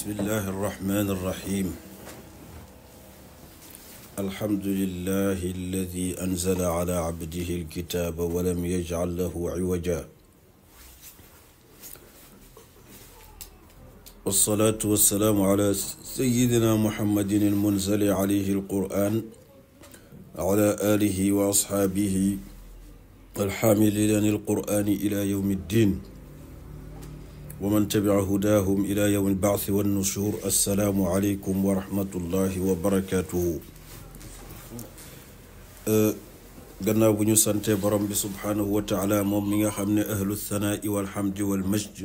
bismillahi irrahmani irrahim alhamdulilahi alladi anzala ala abdihi alkitaaba walam yajcal lahu ciwaja wassalaatu wassalaamu ala sayidina muhammadin almunzali alayhi alquran ala alihi wa ashaabihi alxaamilin alqurani ila yowmi ddin wa man tabia hudaahum ila yowm albaasi wannushur assalaamu aleykum wa rahmatullahi wa barakaatuhu euh, gannaaw bu ñu sante borom bi subhaanahu wa taala moom mi nga xam ne ahlu thanaai walhamdi walmajd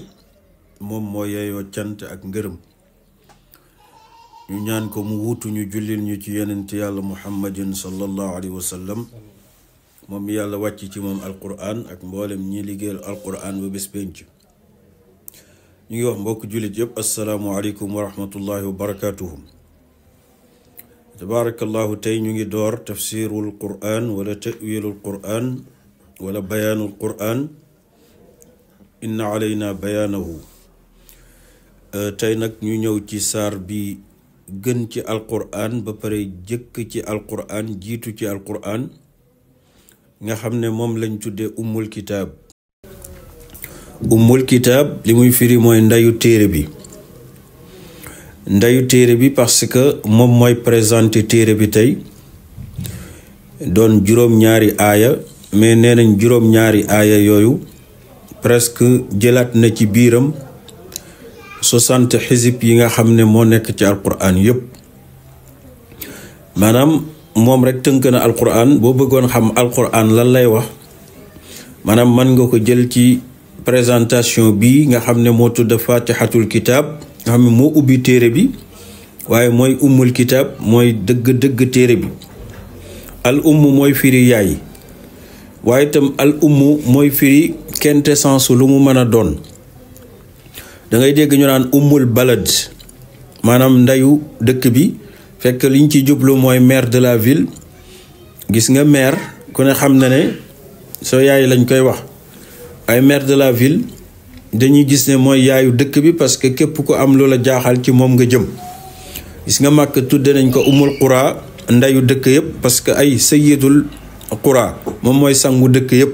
moom moo yeeyoo cant ak ngërëm ñu ñaan ko mu wuutu ñu jullil ñu ci yenent yàlla muhammadin sallallahu alayhi wa sallam moom yàlla wàcc ci moom alquran ak mboolem ñi liggéeyal alquran ba bés ñu ngi wax mbokk jullit yëpp asalaamualeykum wa rahmatullahi wa barakatuhu tabaarakallahu tey ñu ngi door tafsirul quran wala tawilul quran wala bayaanul quran inna alayna bayaanahu euh, tey nag ñu ñëw ci saar bi gën ci alquran ba pare jëkk ci alquran jiitu ci alquran nga xam ne moom lañ tuddee ummul kitaab ummul kitaab li muy firi mooy ndeyu téere bi ndeyu téere bi parce que moom mooy présenté téere bi tey doon juróom-ñaari aaya mais nee nañ juróom-ñaari aaya yooyu presque jëlaat na ci biiram soixante xisib yi nga xam ne moo nekk ci alquran yépp maanaam moom rek tënk na alquran boo bëggoon xam alquran lan lay wax maanaam mën nga ko jël ci présentation bi nga xam ne moo tudd fatihatul kitab nga xam ne moo ubbi téere bi waaye mooy ummul kitab mooy dëgg-dëgg téere bi al umm mooy firi yaay waaye itam al umm mooy firi quintessence lu mu mën a doon dangay ngay dégg ñu naan ummul balad maanaam ndeyu dëkk bi fekk liñ ci jublu mooy maire de la ville gis nga maire ku ne xam na ne soo yaay lañ koy wax ay maire de la ville dañuy gis ne mooy yaayu dëkk bi parce que képp ku am la jaaxal ci moom nga jëm gis nga màkk tudde nañ ko umul qura ndayu dëkk yëpp parce que ay sayyidul qura moom mooy sangu dëkk yëpp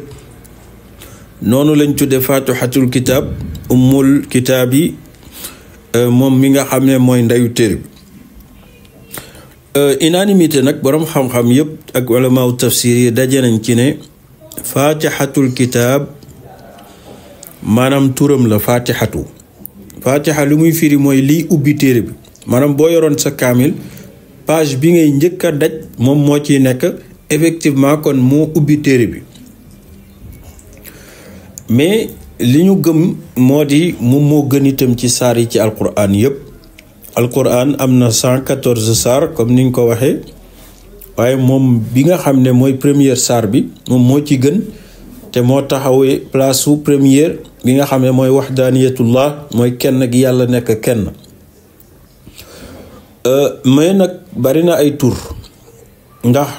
noonu lañ tudde fatihatul kitab umul kitaab yi euh, moom mi nga xam ne mooy ndeyu téere bi euh, unanimité nag boroom xam-xam yëpp ak ulamaaw tafsir yi daje nañ ci ne fatihatul kitab maanaam turam la fatihatu fatiha li muy firi mooy liy ubbi téere bi maanaam boo yoroon sa kaamil page bi ngay njëkk a daj moom moo ciy nekk effectivement kon moo ubbi téere bi mais li ñu gëm moo di moom moo gën itam ci saar yi ci alquran yëpp alquran am na cent quatorze saar comme ni niñ ko waxee waaye moom bi nga xam ne mooy première saar bi moom moo ci gën te moo taxawee place su première li nga xam ne mooy waxdaaniyatullah mooy kenn gi yàlla nekk kenn euh, mais nag bari na ay tur ndax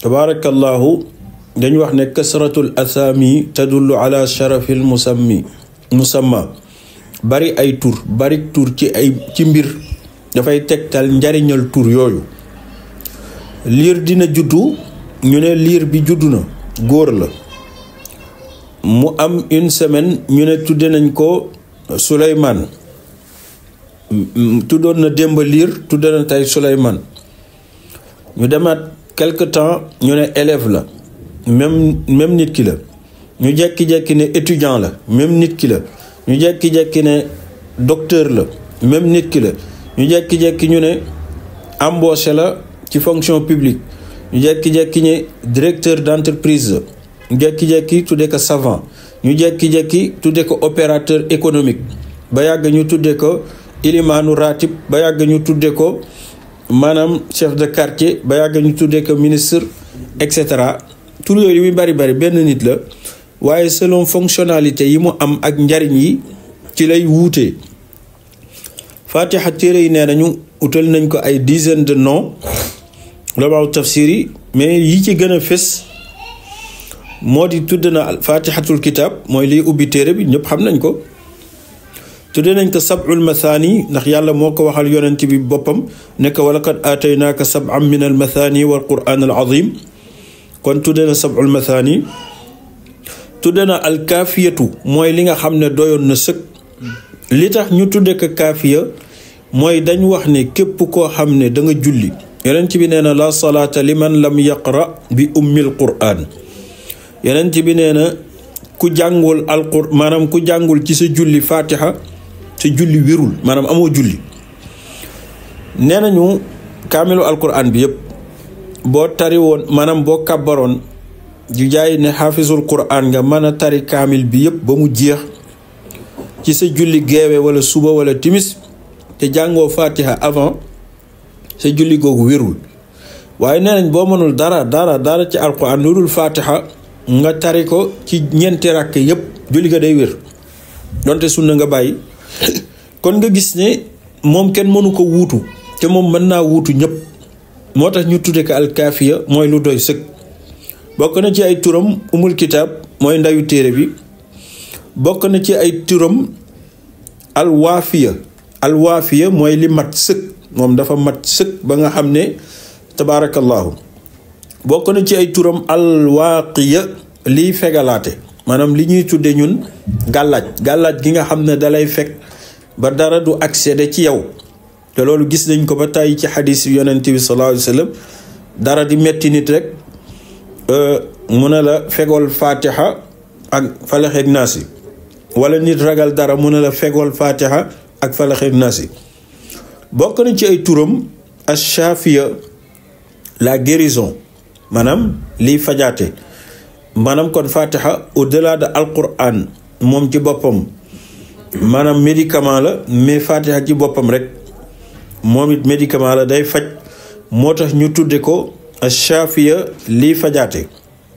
tabaarakallahu dañu wax ne kasratul asami tadullu ala sharafil musammi musamma bari ay tur bari tur ci ay ci mbir dafay tegtal njariñal tur yooyu liir dina juddu ñu ne liir bi juddu na góor la mu am une semaine ñu ne tudde nañ ko Souleymane tuddoon na démbaliir Liir tudde na tey Souleymane ñu demaat quelque temps ñu ne élève la même même nit ki la ñu jekki-jekki ne étudiant la même nit ki la ñu jekki-jekki ne docteur la même nit ki la ñu jekki-jekki ñu ne embauché la ci fonction publique ñu jekki-jekki ne directeur d'entreprise la jekki-jekki tuddee ko savant ñu jekki-jekki tuddee ko opérateur économique ba yàgg ñu tuddee ko ilimaanu ratib ba yàgg ñu tuddee ko maanaam chef de quartier ba yàgg ñu tuddee ko ministre et cetera tur yooyu muy bari bari benn nit la waaye selon fonctionnalité yi mu am ak njariñ yi ci lay wuute fatiha téere yi nee nañu utal nañ ko ay dizaine de noms loolu tafsir yi mais yi ci gën a fës moo di tudd na fatihatul kitab mooy liy ubbi bi ñëpp xam nañ ko tudde nañ ko sab'ul mathani ndax yàlla moo ko waxal yonent bi boppam ne ko walaqad aataynaaka sab'an min al mathani wal quran al azim kon tudde na sab'ul mathani tudde na al kaafiyatu mooy li nga xam ne doyoon na sëkk li tax ñu tudd ko kaafiya mooy dañ wax ne képp koo xam ne danga nga julli yonent bi nee na la salaata liman lam yaqra bi ummil quran yeneen ci bi na ku jàngul alqur maanaam ku jàngul ci sa julli fatiha sa julli wérul maanaam amoo julli nee nañu kaamilu alquran bi yëpp boo tari woon maanaam boo kàbbaroon ju jaay ne xaafisul quran nga mën a tari kaamil bi yëpp ba mu jeex ci sa julli geewe wala suba wala timis te jàngoo fatiha avant sa julli googu wérul waaye nee nañ boo mënul dara dara dara ci alquran lu dul fatiha nga tari ko ci ñeenti rakk yépp julli ga day wér donte sunna nga bàyyi kon nga gis ne moom kenn mënu ko wuutu te moom mën naa wuutu ñëpp moo tax ñu tudde ko alkaafiya mooy lu doy sëkk bokk na ci ay turam umul kitaab mooy ndayu téere bi bokk na ci ay turam alwaafiya alwaafiya mooy li mat sëkk moom dafa mat sëkk ba nga xam ne tabaarakallaahu bokk na ci ay turam alwaaqiya liy fegalaate maanaam li ñuy tudde ñun gàllaaj gàllaaj gi nga xam ne dalay fekk ba dara du accéder ci yow te loolu gis nañ ko ba tàyyi ci xadis yonent bi sallallahu alayhi dara di metti nit rek euh, mu ne la fegool fatiha ak falaxeeg wala nit ragal dara mu ne la fegool fatiha ak falaxeeg naas bokk na ci ay turam achafiya la guérison maanaam liy fajaate maanaam kon fatiha au delà de alquran moom ci boppam maanaam médicament la mais fatiha ci boppam rek moom it médicament la day faj moo tax ñu tudde ko a achafiya lii fajaate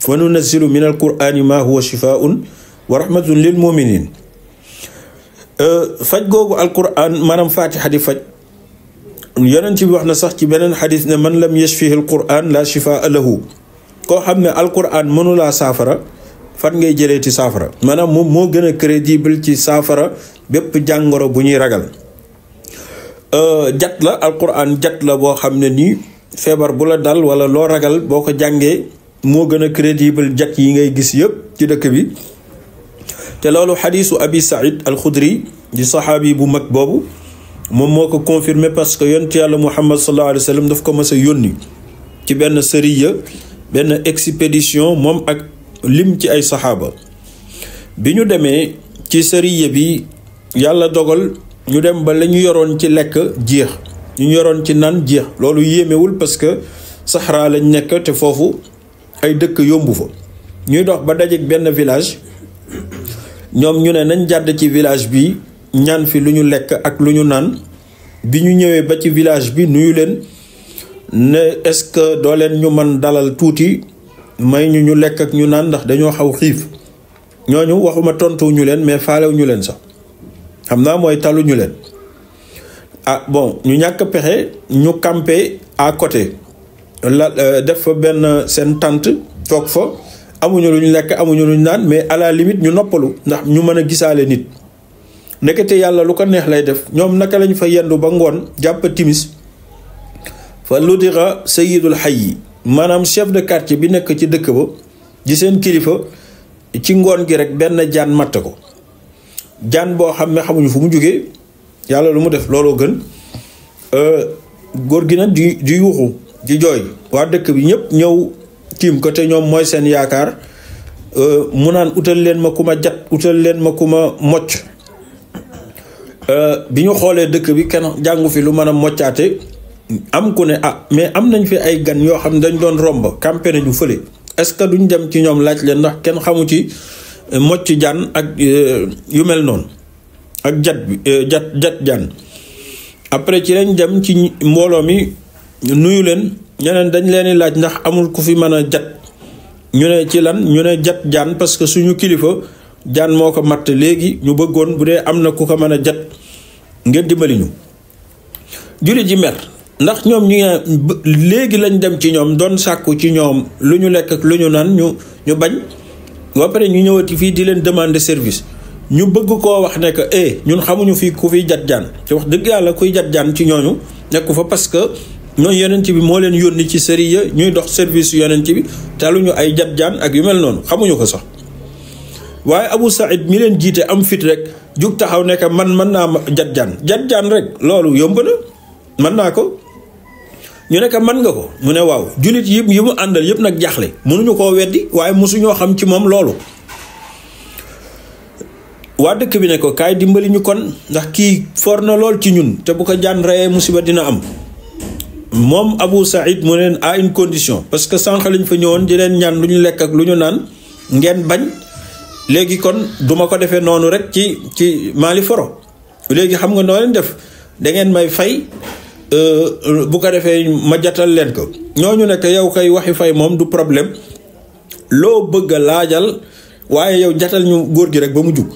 wa nunazilu min alqurani ma huwa shifaun wa rahmatun lil muminin euh, faj googu alquran maanaam fatiha di faj yonent bi wax na sax ci beneen xadis ne man lam yashfihi alquran la shifaa lahu koo xam ne alquran mënulaa saafara fan ngay jëlee ci saafara maanaam moom moo gën a crédible ci saafara bépp jàngoro bu ñuy ragal euh, jat la alquran jat la boo xam ne nii feebar bu la dal wala loo ragal boo ko jàngee moo gën a crédible jat yi ngay gis yépp ci dëkk bi te loolu xadisu abi said alxudri di saxaabi bu mag boobu moom moo ko confirmé parce que yonent yàlla muhammad sallallahu alayhi wa sallam daf ko mës a yónni ci benn sariya benn expédition moom ak lim ci ay saxaaba bi ñu demee ci sariya bi yàlla dogal ñu dem ba la ñu yoroon ci lekk jeex ñu yoroon ci naan jeex loolu yéemewul parce que saxraa lañ nekk te foofu ay dëkk yombu fa ñuy dox ba dajeek benn village ñoom ñu ne nañ jàdd ci village bi ñaan fi lu ñu lekk ak lu ñu naan bi ñu ñëwee ba ci village bi nuyu leen ne est-ce que doo leen ñu mën dalal tuuti may ñu ñu lekk ak ñu naan ndax dañoo xaw xiif ñooñu waxuma tontuwuñu leen mais faalewuñu leen sax xam naa mooy taluñu leen ah bon ñu ñàkk pexe ñu campé à côté la euh, def fa benn seen tànt foog fa amuñu lu ñu lekk amuñu lu luñ naan mais à la ñu noppalu ndax ñu mën a gisaale nit nekkete yàlla lu ko neex lay def ñoom naka lañu fa yendu ba ngoon jàpp timis fa ludira sayidul xay yi maanaam chef de quartier bi nekk ci dëkk ba di seen kilifa ci ngoon gi rek benn jaan matt ko jaan boo xam ne xamuñu fu mu jógee yàlla lu mu def looloo gën euh, góor gi nag di di yuuxu di jooy waa dëkk bi ñëpp ñëw tiim ko te ñoom mooy seen yaakaar euh, mu naan utal leen ma ku ma jat utal leen ma ku ma mocc Euh, bi ñu xoolee dëkk bi kenn jàngu fi lu mën a moccaate am ku ne ah mais am nañ fi ay gan yoo xam ne dañ doon romb campé nañu fële est-ce que duñ dem ci ñoom laaj leen ndax kenn xamu ci euh, mocc jaan ak euh, yu mel noonu ak jat jat jat jaan après ci lañ dem ci mbooloo mi nuyu leen ñeneen dañ leen laaj ndax amul ku fi mën a jat ñu ne ci lan ñu ne jat jaan parce que suñu kilifa jaan moo ko matt léegi ñu bëggoon bu dee am na ku ko mën a jat ngeen dimbali ñu jullit ji mer ndax ñoom ñu ngi léegi lañ dem ci ñoom doon sàkku ci ñoom lu ñu lekk lu ñu naan ñu ñu bañ ba pare ñu ñëwati fii di leen demander service ñu bëgg koo wax ne que eh ñun xamuñu fii ku fiy jat jaan te wax dëgg yàlla kuy jat jaan ci ñooñu nekku fa parce que ñooy yonent bi moo leen yónni ci sëriñ ya ñuy dox service yonent bi ñu ay jat jaan ak yu mel noonu xamuñu ko sax. waaye Abu Saïd mi leen jiite am fit rek jug taxaw ne man mën naa jat jaan jat jaan rek loolu yomb na mën naa ko ñu ne ko mën nga ko mu ne waaw jullit yi mu àndal yëpp nag jaaxle mënuñu koo weddi waaye mosuñoo xam ci moom loolu waa dëkk bi ne ko kaay dimbali ñu kon ndax kii foor na lool ci ñun te bu ko jaan reyee musiba dina am moom Abu Saïd mu ne leen à une condition parce que sànq lañ fa ñëwoon di leen ñaan lu ñu lekk ak lu ñu naan ngeen bañ léegi kon du ma ko defee noonu rek ci ci Mali foro léegi xam nga noo leen def da ngeen may fay euh, bu ko defee ma jatal leen ko ñooñu nekk yow kay waxi fay moom du problème loo bëgg a laajal waaye yow jatal ñu góor gi rek ba mu jug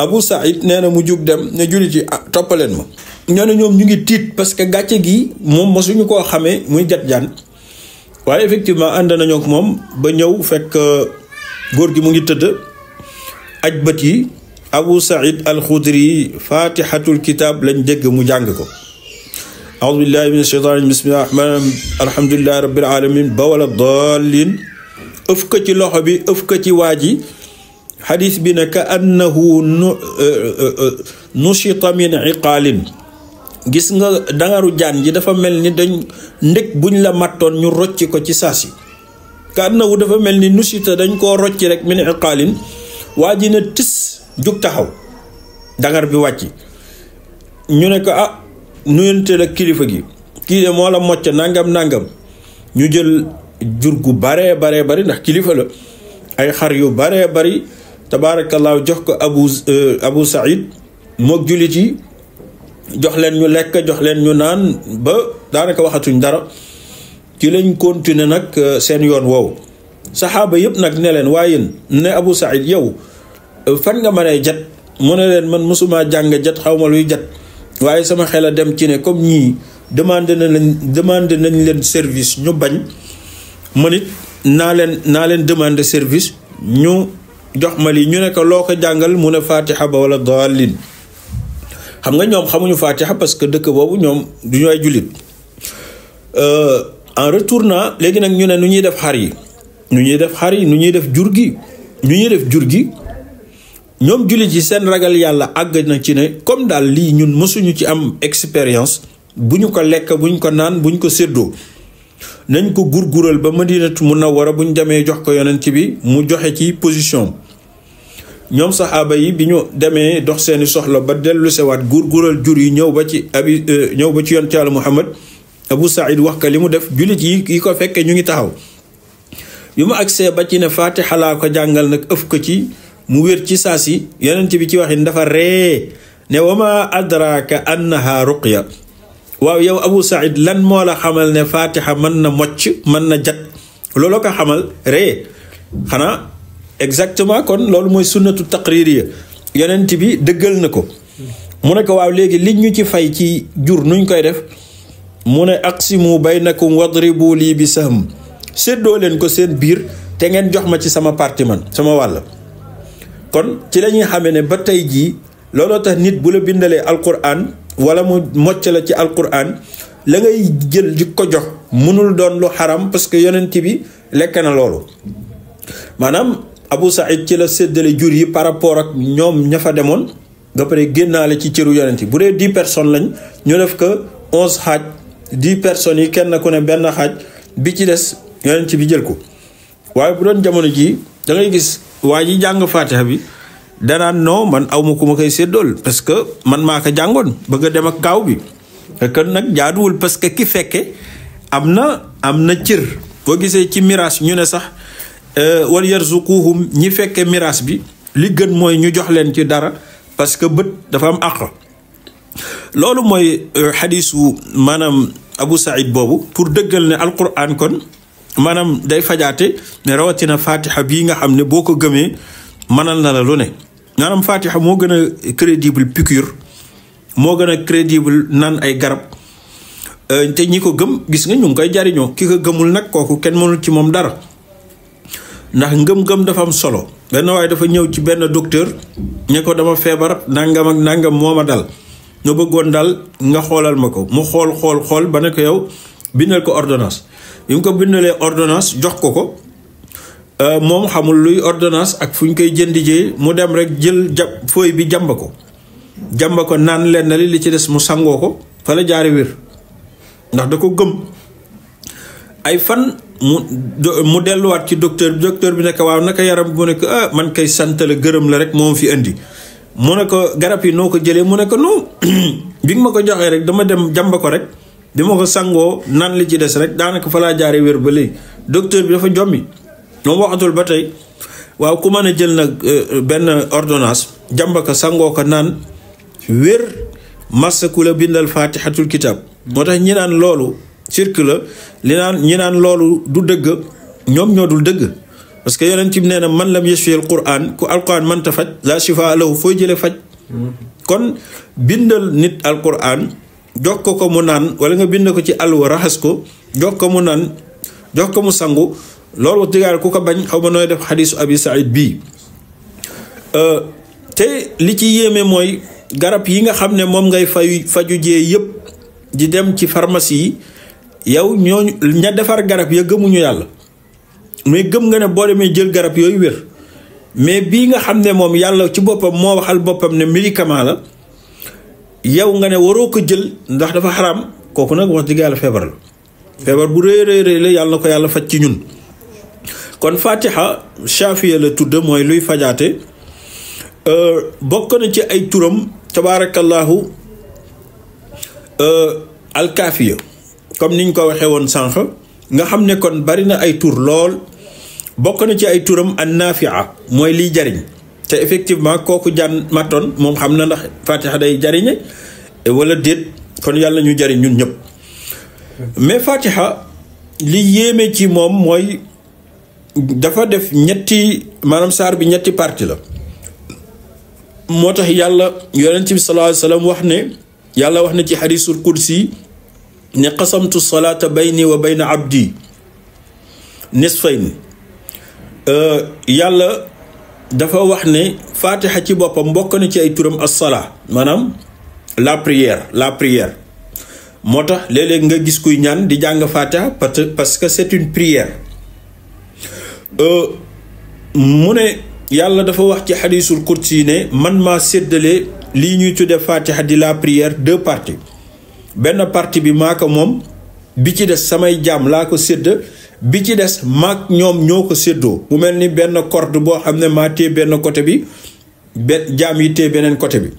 Abu Saïd nee na mu jug dem ne jullit yi ah, toppaleen ma ñoo ne ñoom ñu ngi tiit parce que gàcce gi moom mosuñu koo xamee muy jat jaan waaye effectivement ànd nañoo ak moom ba ñëw fekk euh, góor gi mu ngi tëdd ajbat yi abu said alxudri yi fatihatul kitab lañ dégg mu jàng ko aoudu billahi min alamin ba wala dallin ëf ko ci loxo bi ëf ko ci waa ji xadis bi ne ka annahu eh, eh, eh, nushita min iqaalin gis nga dangaru jaan ji dafa mel ni dañ ndëg buñ la mattoon ñu rocci ko ci saasi ka annahu dafa mel ni nushita dañ koo rocci rek min iqaalin waa ji ne tis jug taxaw dangar bi wàcc ñu ne ko ah nuyanteel ak kilifa gi kii de moo la mocc nangam nangam ñu jël jur gu baree baree bari ndax kilifa la ay xar yu baree bari tabaarakallaahu jox ko abu euh, abu saïd moog jullit yi jox leen ñu lekk jox leen ñu naan ba daanaka waxatuñ dara ci lañ continuer nag euh, seen yoon woowu saxaaba yëpp nag ne leen waaye ne Abu Saïd yow euh, fan nga mënee jat mu ne leen man mosuma jàng jat xaw ma luy jat waaye sama xel a dem ci ne comme ñii demandé na leen demandé nañ leen service ñu bañ man it naa leen naa leen demandé service ñu jox ma lii ñu ne ko loo ko jàngal mu ne fatiha ba wala daalin xam nga ñoom xamuñu fatiha parce que dëkk boobu ñoom du ñu ay jullit euh, en retournant léegi nag ñu ne nu ñuy def xar yi nu ñuy def xar yi nu ñuy def jur gi nu ñuy def jur gi ñoom jullit yi seen ragal yàlla àgg na ci ne comme daal lii ñun mësuñu ci am expérience bu ñu ko lekk bu ñu ko naan bu ñu ko séddoo nañ ko gurgural ba madinatu munawwara bu ñu demee jox ko yonent bi mu joxe ci position ñoom saxaaba yi bi ñu demee dox seeni soxla ba dellu sewaat gurgural jur yi ñëw ba ci abi euh, ñëw ba ci yonent yàlla muhammad abu saïd wax ka li mu def jullit yi yi ko fekkee ñu ngi taxaw bi mu agsee ba ci ne fatiha ko jàngal nag ëf ko ci mu wér ci saa si yenent bi ci waxin dafa ree ne wama adraka annaha ruqya waaw yow Abu Saïd lan moo la xamal ne fatiha mën na mocc mën na jat loolu ko xamal ree xanaa exactement kon loolu mooy sunnatu taqririya yonent bi dëggal na ko mu ne waaw léegi li ñu ci fay ci jur nuñ koy def mu ne aqsimu baynakum wadribu lii bi sahm séddoo leen ko seen biir te ngeen jox ma ci sama parti man sama wàll kon ci lañuy ñuy xamee ne ba tey jii looloo tax nit bu la bindalee alquran wala mu mocc la ci alquran la ngay jël di ko jox mënul doon lu xaram parce que yonent bi lekk na loolu maanaam Abu Saïd ci la séddale jur yi par rapport ak ñoom ña fa demoon nga pare génnaale ci cëru yonent yi bu dee dix personnes lañ ñu def ko onze xaaj dix personnes yi kenn ku ne benn xaaj bi ci des yonent bi jël ko waaye bu doon jamono jii da gis waa ji jàng faatiha bi danaan noo man aw ma ku ma koy séddool parce que man maa jàngoon bëgg a dem ak kaaw bi kon nag jaaduwul parce que ki fekke am na am na cër boo gisee ci miraas ñu ne sax su euh, yarzuquhum ñi fekke miraas bi li gën mooy ñu jox leen ci dara parce que bët dafa am àq loolu mooy euh, xadiisu maanaam Abu Saïd boobu pour dëggal ne alquran kon maanaam day fajaate ne rawatina fatiha bii nga xam ne boo ko gëmee mënal na la lu ne maanaam fatiha moo gën a crédible piqûre moo gën a crédible nan ay garab euh, te ñi ko gëm gis nga ñu ngi koy jariñoo ki ko gëmul nag kooku kenn mënul ci moom dara ndax ngëm-ngëm dafa am solo benn waaye dafa ñëw ci benn docteur ñe ko dama feebar nangam ak nangam moo ma dal nga bëggoon daal nga xoolal ma ko mu xool xool xool ba ne ko yow bindal ko ordonnance bi mu ko bindalee ordonnance jox ko ko euh, moom xamul luy ordonnance ak fu ñu koy jëndi jee mu dem rek jël ja fooy bi jàmba ko jàmba ko naan lenn li li ci des mu sangoo ko fa la jaari wér ndax da ko gëm ay fan mu mu delluwaat ci docteur bi docteur bi nekk waaw naka yaram mu nekk ah man kay santale gërëm la rek moom fi indi mu ne ko garab yi noo ko jëlee mu ne ko non bi nga ma ko joxee rek dama dem jàmba ko rek bi ma ko sangoo nan li ci des rek daanaka fa laa jaaree wér ba léegi docteur bi dafa jommi moom waxatul ba tey waaw ku mën a jël nag euh, benn ordonnance jàmba ko sangoo ko naan wér massa ku la bindal faatixatul kitaab moo tax ñi naan loolu cirque la li naan ñi naan loolu du dëgg ñoom ñoo dul dëgg parce que yonent bi nee na man lam yashfi al quran ku alquran mënta faj la shifa lahu fooy jële faj mm-hmm. kon bindal nit alquran jox ko ko mu naan wala nga bind ko ci alwa raxas ko jox ko mu naan jox ko mu sangu loolu wax ku ko bañ xaw ma nooy def xadiisu abi saïd bii euh, te li ci yéeme mooy garab yi nga xam ne moom ngay fay faju jee yëpp di dem ci pharmacie yi yow ñooñu ña defar garab ya gëmuñu yàlla mais gëm nga ne boo demee jël garab yooyu wér mais bii nga xam ne moom yàlla ci boppam moo waxal boppam ne médicament la yow nga ne waroo ko jël ndax dafa xaraam kooku nag wax dëgg yàlla feebar feebar bu rëy rëy rëy la yàlla na ko yàlla faj ci ñun kon fatiha chafiya la tudd mooy luy fajaate euh, bokk na ci ay turam tabaarakallaahu euh, alkaafiya comme niñ ko waxee woon sànq nga xam ne kon bari na ay tur lool bokk na ci ay turam annafia mooy liy jariñ te effectivement kooku jaan mattoon moom xam na ndax fatiha day jariñe wala déet kon yàlla ñu jariñ ñun ñëpp mais fatiha li yéeme ci moom mooy dafa def ñetti maanaam saar bi ñetti parti la moo tax yàlla yonent bi sallallahu alayhi wa wax ne yàlla wax na ci xadisul kursi ne qasamtu salaata bayni wa bayna abdi nisfayn euh, yàlla dafa wax ne faatixa ci boppam mbokk na ci ay turam assalaa maanaam la prière la prière moo tax léeg-léeg nga gis kuy ñaan di jàng faatixa parce que c'est une prière euh, mu ne yàlla dafa wax ci xadiisul kursi ne man maa séddale lii ñuy tuddee faatixa di la prière deux parties benn partie bi maa ko moom bi ci des samay jaam laa ko sédd bi ci des maag ñoom ñoo ko séddoo mu mel ni benn corde boo xam ne maa téye benn côté bi benn jaam yi téye beneen côté bi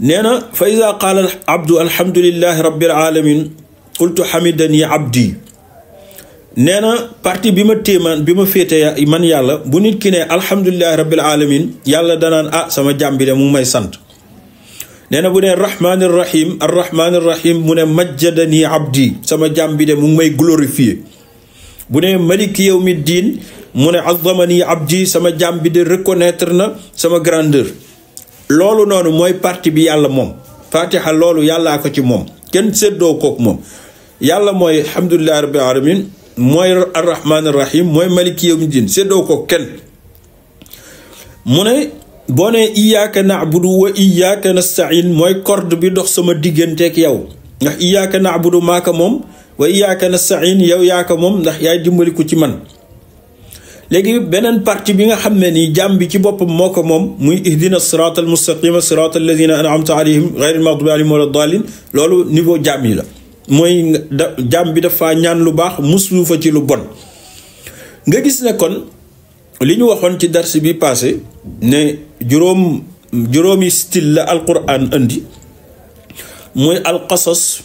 nee na fa ida qaala abdu alhamdulillahi rabbil alamin qultu hamidani abdi nee na parti bi ma téye man bi ma féete man yàlla bu nit ki ne alhamdulillahi rabbil alamin yàlla danaan ah sama jaam bi de mu may sant nee na bu ne rahmaani rahim arrahmaani rahim mu ne majjadani abdi sama jàmm bi de mu ngi may glorifier bu ne maliki yawmi diin mu ne azamani abdi sama jàmm bi de reconnaître na sama grandeur loolu noonu mooy parti bi yàlla moom fatiha loolu yàllaa ko ci moom kenn seddoo kook moom yàlla mooy alhamdulilahi rabbil alamin mooy arrahmaani rahim mooy maliki yawmi diin séddoo kook kenn mu ne boo nee iyaaka du wa iyaaka nastain mooy corde bi dox sama digganteeg yow ndax iyaaka bu du maaka moom wa iyaaka nastain yow yaa ko moom ndax yaay dimbaliku ci man léegi beneen partie bi nga xam ne nii jàmm bi ci boppam moo ko moom muy ihdina siraat al mustaqima siraat alladina anamta alayhim gayri almaghdubi alayhim wala dalin loolu niveau jàmm yi la mooy da jàmm bi dafa ñaan lu baax muslu fa ci lu bon nga gis ne kon li ñu waxoon ci dars bi passé ne juróom juróomi style la alquran indi muy alqasas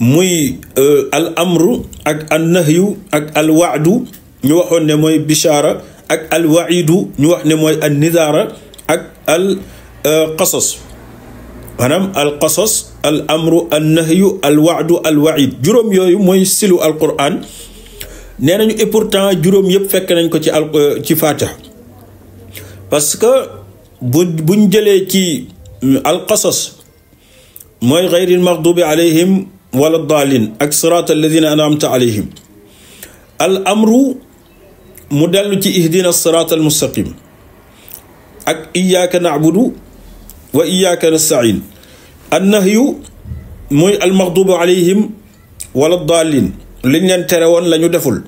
muy euh, al amru ak an nahyu ak al waadu ñu waxoon ne mooy bishaara ak al waidu ñu wax ne mooy an nidaara ak al euh, qasas maanaam al qasas al amru an nahyu al waadu al waid juróom yooyu mooy silu alquran nee nañu et pourtant juróom yëpp fekk nañ ko ci al euh, ci fatiha parce que bu buñ jëlee ci euh, alqasas mooy xayril maxdubi alayhim wala daalin ak siraat alladina anamta alayhim al amru mu dellu ci ihdina siraat al mustaqim ak iyaaka nacbudu wa iyaaka nastain an nahyu muy al maxdubi alayhim wala daalin liñ leen tere woon la ñu deful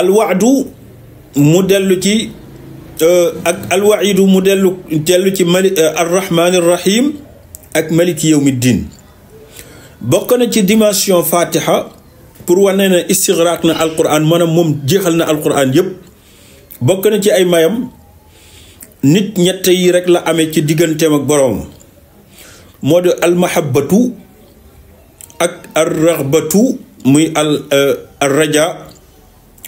al wacdu mu dellu ci Euh, ak alwaidu mu dellu dellu ci mali euh, arrahmaani rahim ak maliki yowmi diin bokk na ci dimension fatiha pour wane ne istigraq na alquran maanaam moom jeexal na alquran yépp bokk na ci ay mayam nit ñett yi rek la amee ci digganteem ak boroom moo di almahabatu ak arragbatu muy al euh, raja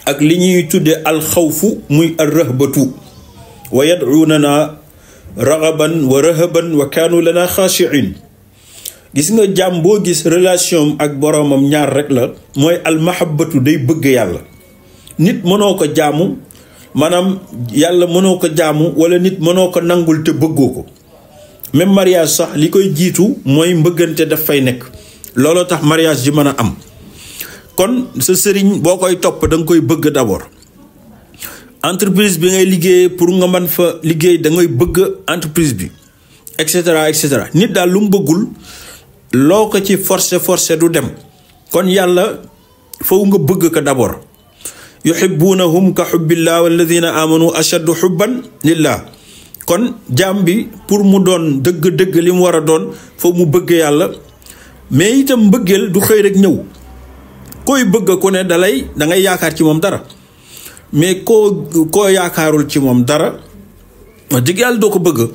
ak li ñuy tuddee alxawfu muy arrahbatu wa yad'uunana raghaban wa rahaban wa kaanu lana xaashiin gis nga jàmm boo gis relation ak boroomam ñaar rek la mooy almahabatu day bëgg yàlla nit mënoo ko jaamu maanaam yàlla mënoo ko jaamu wala nit mënoo ko nangul te bëggoo ko même mariage sax li koy jiitu mooy mbëggante daf fay nekk looloo tax mariage ji mën a am kon sa sëriñ boo koy topp da nga koy bëgg d'abord entreprise bi ngay liggéeyee pour nga man fa liggéey da ngay bëgg entreprise bi et cetera et cetera nit daal lu mu bëggul loo ko ci forcé forcé du dem kon yàlla faw nga bëgg ko d'abord yuhibbunahum ka xubbillah walladina amanu ashaddu xubban lillah kon jaam bi pour mu doon dëgg-dëgg li mu war a doon faw mu bëgg yàlla mais itam mbëggeel du xëy rek ñëw koy bëgg ko ne dalay da ngay yaakaar ci moom dara mais koo koo yaakaarul ci moom dara dëgg yàlla doo ko bëgg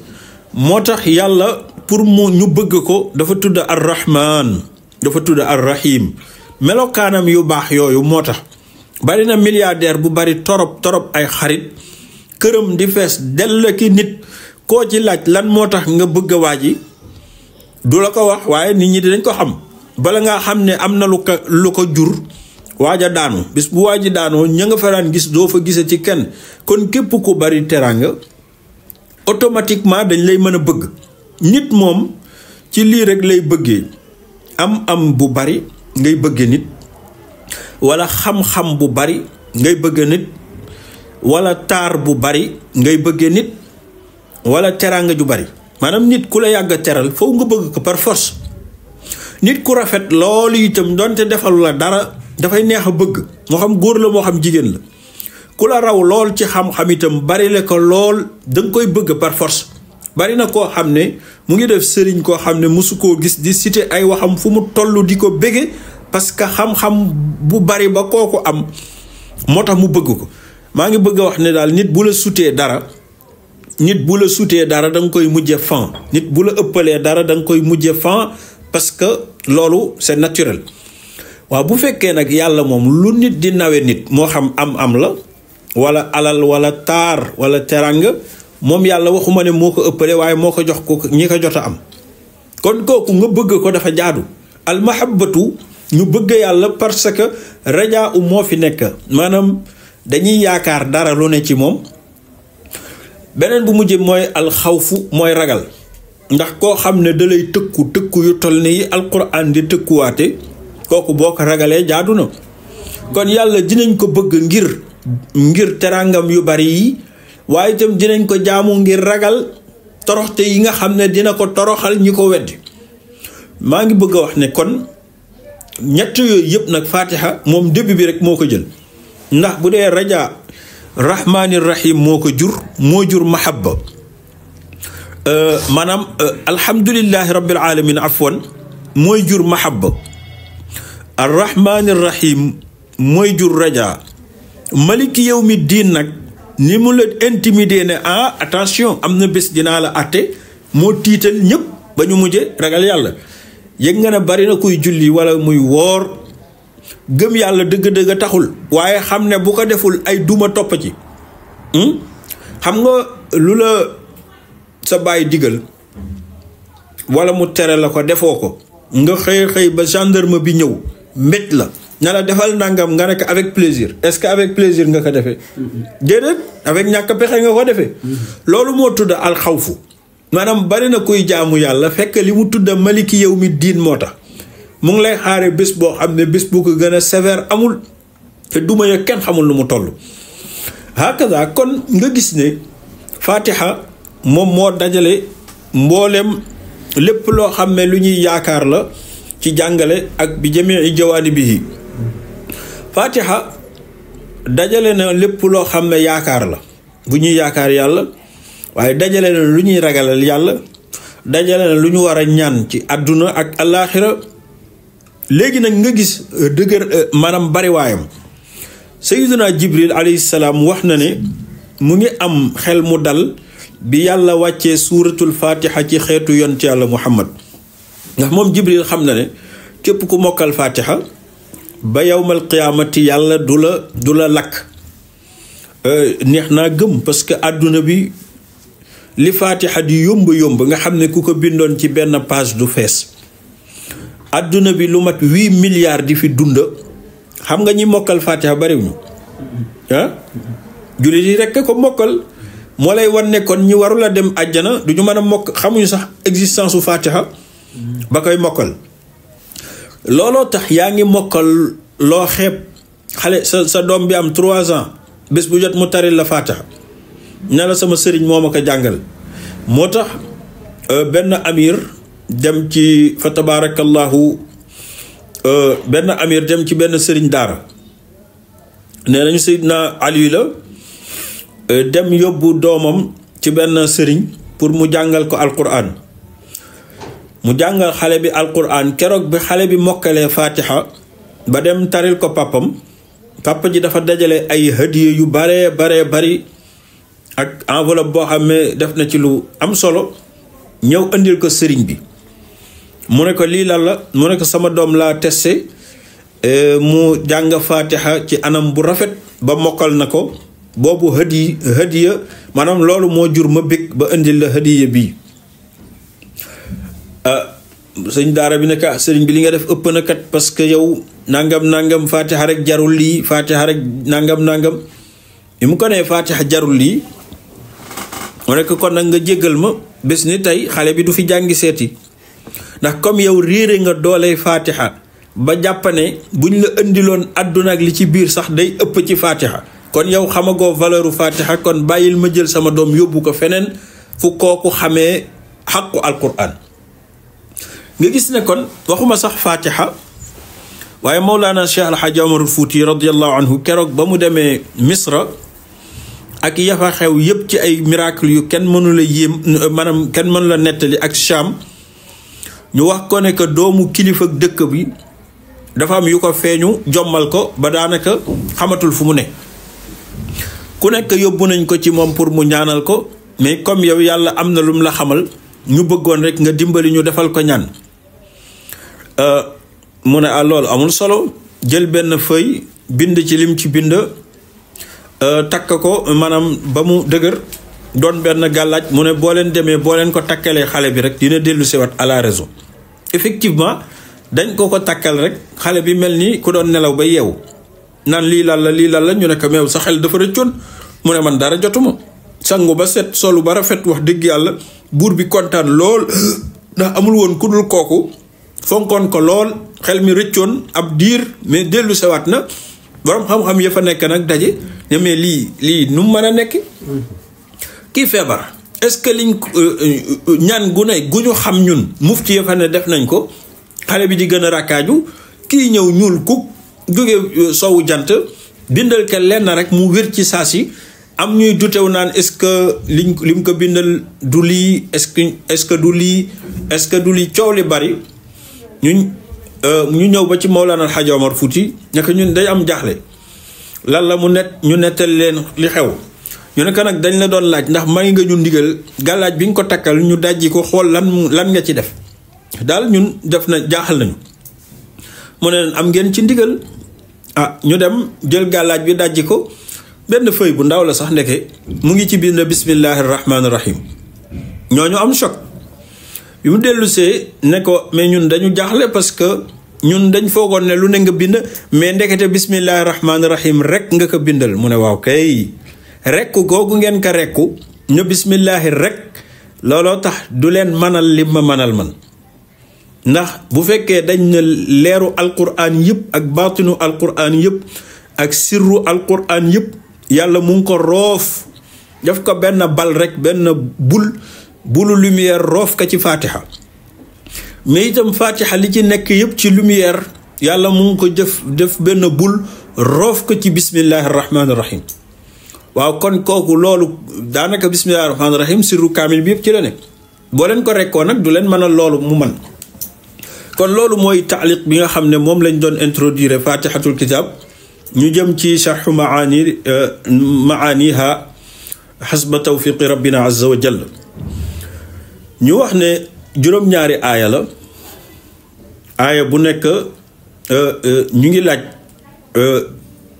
moo tax yàlla pour mu ñu bëgg ko dafa tudd arrahman dafa tudd arrahim melokaanam yu baax yooyu moo tax bari na milliardaire bu bari torop torop ay xarit këram di fees dell ki nit koo ci laaj lan moo tax nga bëgg a waa ji du la ko wax waaye nit ñi dinañ ko xam bala nga xam ne am na lu ko lu ko jur waaj a daanu bis bu waaji a daanoo ña nga fa gis doo fa gise ci kenn kon képp ku bari teraanga otomatiquement dañ lay mën a bëgg nit moom ci lii rek lay bëggee am am bu bari ngay bëgge nit wala xam bu bari ngay bëgge nit wala taar bu bari ngay bëggee nit wala teraanga ju bari maanaam nit ku la yàgg teral foofu nga bëgg ko par nit ku rafet loolu itam donte defalu la dara dafay neex a bëgg moo xam góor la moo xam jigéen la ku la raw lool ci xam-xam itam bari la ko lool danga koy bëgg par force bari na koo xam ne mu ngi def sëriñ koo xam ne mosu koo gis di cité ay waxam fu mu tollu di ko bége parce que xam-xam bu bari ba kooku am moo tax mu bëgg ko maa ngi bëgg a wax ne daal nit bu la sutee dara nit bu la sutee dara danga koy mujje fan nit bu la ëppalee dara danga koy mujje fen parce que loolu c'est naturel waaw bu fekkee nag yàlla moom lu nit di nawe nit moo xam am-am la wala alal wala taar wala teranga moom yàlla waxuma ne moo ko ëppale waaye moo ko jox ko ñi ko jot a am kon kooku nga bëgg ko dafa jaadu al mahabbatu ñu bëgg yàlla parce que rajaa u moo fi nekk maanaam dañuy yaakaar dara lu ne ci moom beneen bu mujj mooy alxawfu mooy ragal ndax koo xam ne dalay tëkku tëkku yu toll nii alquran di tëkkuwaate kooku boo ko ragalee jaadu na kon yàlla dinañ ko bëgg ngir ngir terangam yu bari yi waaye itam dinañ ko jaamu ngir ragal toroxte yi nga xam ne dina ko toroxal ñi ko weddi maa ngi bëgg a wax ne kon ñett yooyu yëpp nag fatiha moom début bi rek moo ko jël ndax bu dee raja rahmaani rahim moo ko jur moo jur mahabba euh, maanaam euh, alhamdulillahi rabbil alamin afwan mooy jur mahabba arrahmaani rahim mooy jur raja maliki yow mi diin nag ni mu la intimidé ne ah attention am na bés dinaa la atte moo tiital ñëpp ba ñu mujje ragal yàlla yëg nga ne bari na kuy julli wala muy woor gëm yàlla dëgg-dëgg taxul waaye xam ne bu ko deful ay duuma topp ci hmm? xam nga lu la sa baay digal wala mu tere la ko defoo ko nga xëy xëy ba gendarme bi ñëw mbéj la ña la defal nangam nga nekk avec plaisir est-ce que avec plaisir nga ko defee mhm. déedéet avec ñàkk pexe nga ko defee mhm. loolu moo tudd alxawfu maanaam bari na kuy jaamu yàlla fekk li mu tudd maliki yow mi diin moo tax mu ngi lay xaare bés boo xam ne bés bu ko gën a sévère amul te duma ya kenn xamul lu mu toll hakaza kon nga gis ne faatixa moom moo dajale mbooleem lépp loo xam ne lu ñuy yaakaar la ci jàngale ak bi jamii jawaanibihi fatiha dajale na lépp loo xam ne yaakaar la bu ñuy yaakaar yàlla waaye dajale na lu ñuy ragalal yàlla dajale na lu ñu war a ñaan ci àdduna ak alaaxira léegi nag nga gis euh, dëgër euh, maanaam bariwaayam sayiduna jibril alayhi salaam wax na ne mu ngi am xel mu dal bi yàlla wàccee suuratul fatiha ci xeetu yont yàlla muhammad ndax moom jibril xam na ne képp ku mokkal fatiha ba yawmal qiyaamati yàlla du la du la lakk euh, neex naa gëm parce que àdduna bi li fatiha di yomb yomb nga xam ne ku ko bindoon ci benn page du fees àdduna bi lu mat huit milliards di fi dund xam nga ñi mokkal fatiha bariwuñu ah jullit yi rekk ko mokkal moo lay wan ne ñi warul a dem àjjana du ñu mën a mokk xamuñu sax existence u fatiha ba koy mokkal looloo tax yaa ngi mokkal loo xeeb xale sa sa doom bi am trois ans bés bu jot mu tari la faataxa ne la sama sëriñ moo ma ko jàngal moo tax euh, benn amir dem ci fa tabarakallahu euh, benn amir dem ci benn sëriñ daara ne nañu Seydina na la euh, dem yóbbu doomam ci benn sëriñ pour mu jàngal ko alquran mu jàngal xale bi alquran keroog bi xale bi mokkalee fatiha ba dem taril ko pàppam pàppa ji dafa dajale ay hadiye yu baree baree bari ak enveloppe boo xam def na ci lu am solo ñëw indil ko sëriñ bi mu ne ko lii lan la mu ne ko sama doom laa testé e, mu jàng fatiha ci anam bu rafet ba mokkal na ko boobu hadiye hadiya maanaam loolu moo jur ma bég ba indil la hadiya bii Ah, sëñ daara bi ne ka sëriñ bi li nga def ëpp na kat parce que yow nangam nangam fatiha rek jarul lii fatiha rek nangam nangam bi mu ko nee fatiha jarul lii mu nekk kon nag nga jéggal ma bés ni tey xale bi du fi jàngi seeti ndax comme yow réere nga dooley fatiha ba jàpp ne buñ la indiloon àdduna ak li ci biir sax day ëpp ci fatiha kon yow xamagoo valeuru fatiha kon bàyyil ma jël sama doom yóbbu ko feneen fu kooku xamee xaqu alquran nga gis ne kon waxuma sax fatiha waaye Mawlana Cheikh El Hadj Omarul Fouti radiyallahu anhu keroog ba mu demee Misra ak yafa xew yépp ci ay miracle yu kenn mënula la yéem maanaam kenn mënu la nettali ak Cham ñu wax ko ne que doomu kilifa dëkk bi dafa am yu ko feeñu jommal ko ba daanaka xamatul fu mu ne. ku nekk yóbbu nañ ko ci moom pour mu ñaanal ko mais comme yow yàlla am na lum la xamal ñu bëggoon rek nga dimbali ñu defal ko ñaan. Euh, mu ne ah loolu amul solo jël benn feuille bind ci lim ci bind euh, takk ko maanaam ba mu dëgër doon benn gàllaaj mu ne boo leen demee boo leen ko takkalee xale bi rek dina dellu siwaat à la raison effectivement dañ ko ko takkal rek xale bi mel ni ku doon nelaw ba yeewu naan lii lan la lii lan la ñu ne ko meew sa xel dafa rëccoon mu ne man dara jotuma sangu ba set solu ba rafet wax dëgg yàlla buur bi kontaan lool ndax amul woon ku dul kooku fonkoon ko lool xel mi rëccoon ab diir mais dellu sewaat na borom xam-xam ya fa nekk nag daje ne mais lii lii nu mu mën a nekk kii feebar est-ce que liñ euh, euh, ñaan gu ne gu ñu xam ñun mufti ya fa def nañ ko xale bi di gën a rakkaaju kii ñëw ñuul kuk jóge euh, sowu jant bindal ke lenn rek mu wér ci saa si am ñuy dutew naan est-ce que liñ lim ko bindal du lii est-ce est-ce que du lii est-ce que du lii coow li bari ñun euh, ñu ñëw ba ci Mawlana El Hadj Omar Fouti nekk ñun day am jaaxle lan la mu net ñu nettal leen li xew ñu ne nag dañ la doon laaj ndax may nga ñu ndigal gàllaaj bi nga ko takkal ñu dajji ko xool lan lan nga ci def daal ñun def na jaaxal nañu mu ne am ngeen ci ndigal ah ñu dem jël gàllaaj bi dajji ko benn feuille bu ndaw la sax ndeke mu ngi ci bind bismillahi rahmaani rahim ñooñu am choc. bi mu dellusee ne ko mais ñun dañu jaxle parce que ñun dañ foogoon ne lu ne nga bind mais ndekete bismillahi rahmaani rahim rek nga ko bindal mu ne waaw kay rekku googu ngeen ko rekku ñu bismillahi rek looloo tax du leen manal li ma manal man ndax bu fekkee dañ ne leeru alquran yëpp ak baatinu alquran yëpp ak sirru alquran yëpp yàlla mu ko roof def ko benn bal rek benn bul bulu lumière roof ka ci fatiha mais itam fatiha li ci nekk yëpp ci lumière yàlla mu ngi ko def def benn bul roof ko ci bismillahi rahmaani rahim waaw kon kooku loolu daanaka bismillahi rahmaani rahim sirru kaamil bi yëpp ci la boo leen ko rekkoo nag du leen mën a loolu mu man kon loolu mooy taaliq bi nga xam ne moom lañ doon introduire fatihatul kitab ñu jëm ci charxu maani euh, maaniha xasba tawfiqi rabbina azza wa jalla ñu wax ne juróom-ñaari aaya la aaya bu nekk euh, euh, ñu ngi laaj euh,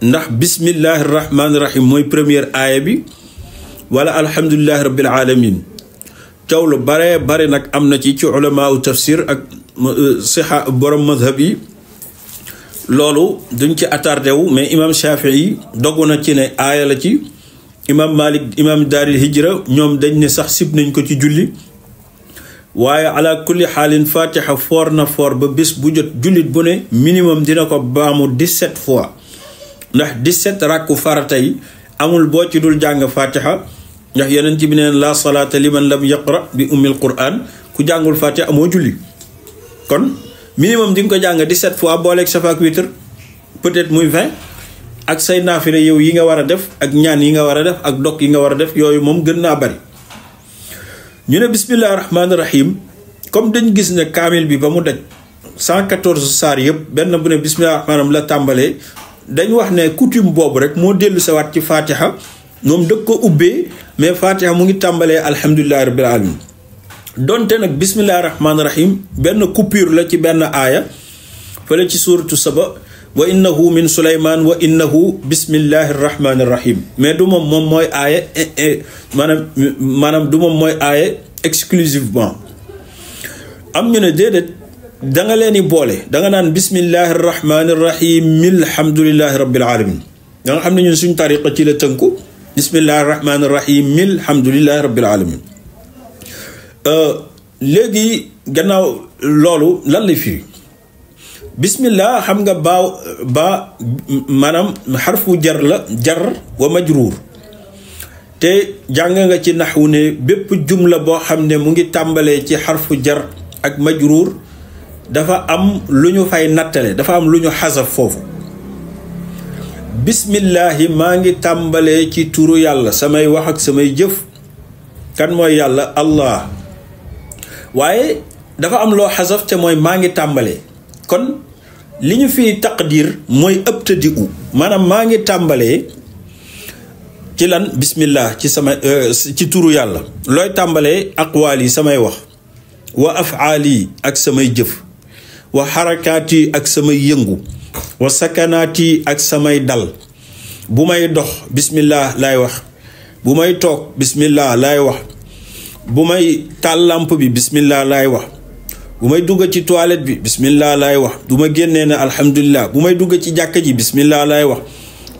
ndax bismillahi rahmaani mooy première aaya bi wala alhamdulilahi rabbil alamin coow lu bare bare nag am na ci ci ulamaawu tafsir ak sixa borom madhab yi loolu dañ ci attardé wu mais imam Shafii dogu na ci ne aaya la ci imam Malik imam daaril hijra ñoom dañ ne sax sib nañ ko ci julli waaye ala kulli xaalin fatiha foor na foor ba bis bu jot jullit bu ne minimum dina ko baamu 17 fois ndax 17 ràkku farata yi amul boo ci dul jàng fatiha ndax yeneen ci bi neen la salaata liman lam yaqra bi ummil ku jàngul fatiha amoo julli kon minimum di nga ko jàng 17 fois booleeg safa ak witr peut-être muy 20 ak say naafile yow yi nga war a def ak ñaan yi nga war a def ak dog yi nga war a def yooyu moom gën naa bari ñu ne bisimilah rahmaani rahim comme dañ gis ne kaamil bi ba mu san 114 saar yëpp benn bu ne bisimilah rahmaani la tàmbalee dañ wax ne coutume boobu rek moo dellu sawaat ci fatiha moom dëkk ko ubbee mais fatiha mu ngi tàmbalee alhamdulilahi rabbil alamin donte nag bisimilah rahmaani rahim benn coupure la ci benn aaya fële ci suuratu saba wa innahu min suleymaan wa innahu bismillahi rahmaani rahim mais du moom moom mooy aaye eh, eh, maanaam maanaam du moom mooy aaye exclusivement am ñu ne déedéet da nga leen di boole da nga naan bismillahi rahmaani rahim alhamdulillahi rabbil alamin da nga xam ne ñun suñ tariqa ci la tënku bismillahi rahmaani rahim alhamdulillahi rabbil alamin euh, léegi gannaaw loolu lan la firi bismillah xam nga baaw ba maanaam xarfu jar la jar wa majruur te jàng nga ci nax wu ne bépp jum la boo xam ne mu ngi tàmbalee ci xarfu jar ak majruur dafa am lu ñu fay nattale dafa am lu ñu xasaf foofu bismillahi maa ngi tàmbalee ci tuuru yàlla samay wax ak samay jëf kan mooy yàlla allah waaye dafa am loo xasaf te mooy maa ngi tàmbalee kon li ñu fi taqdir mooy ëbtadi u maanaam maa ngi tàmbalee ci lan bismillah ci sama euh, ci turu yàlla looy tàmbalee aqwaal yi samay wax wa afaal yi ak samay jëf wa xarakaat ak samay yëngu wa sakanaat ak samay dal bu may dox bismillah laay wax bu may toog bismillah laay wax bu may tàllamp bi bismillah laay wax bu may dugg ci toilette bi bismillah laay wax bu ma génnee na alhamdulilah bu may dugg ci jàkk ji bismillah laay wax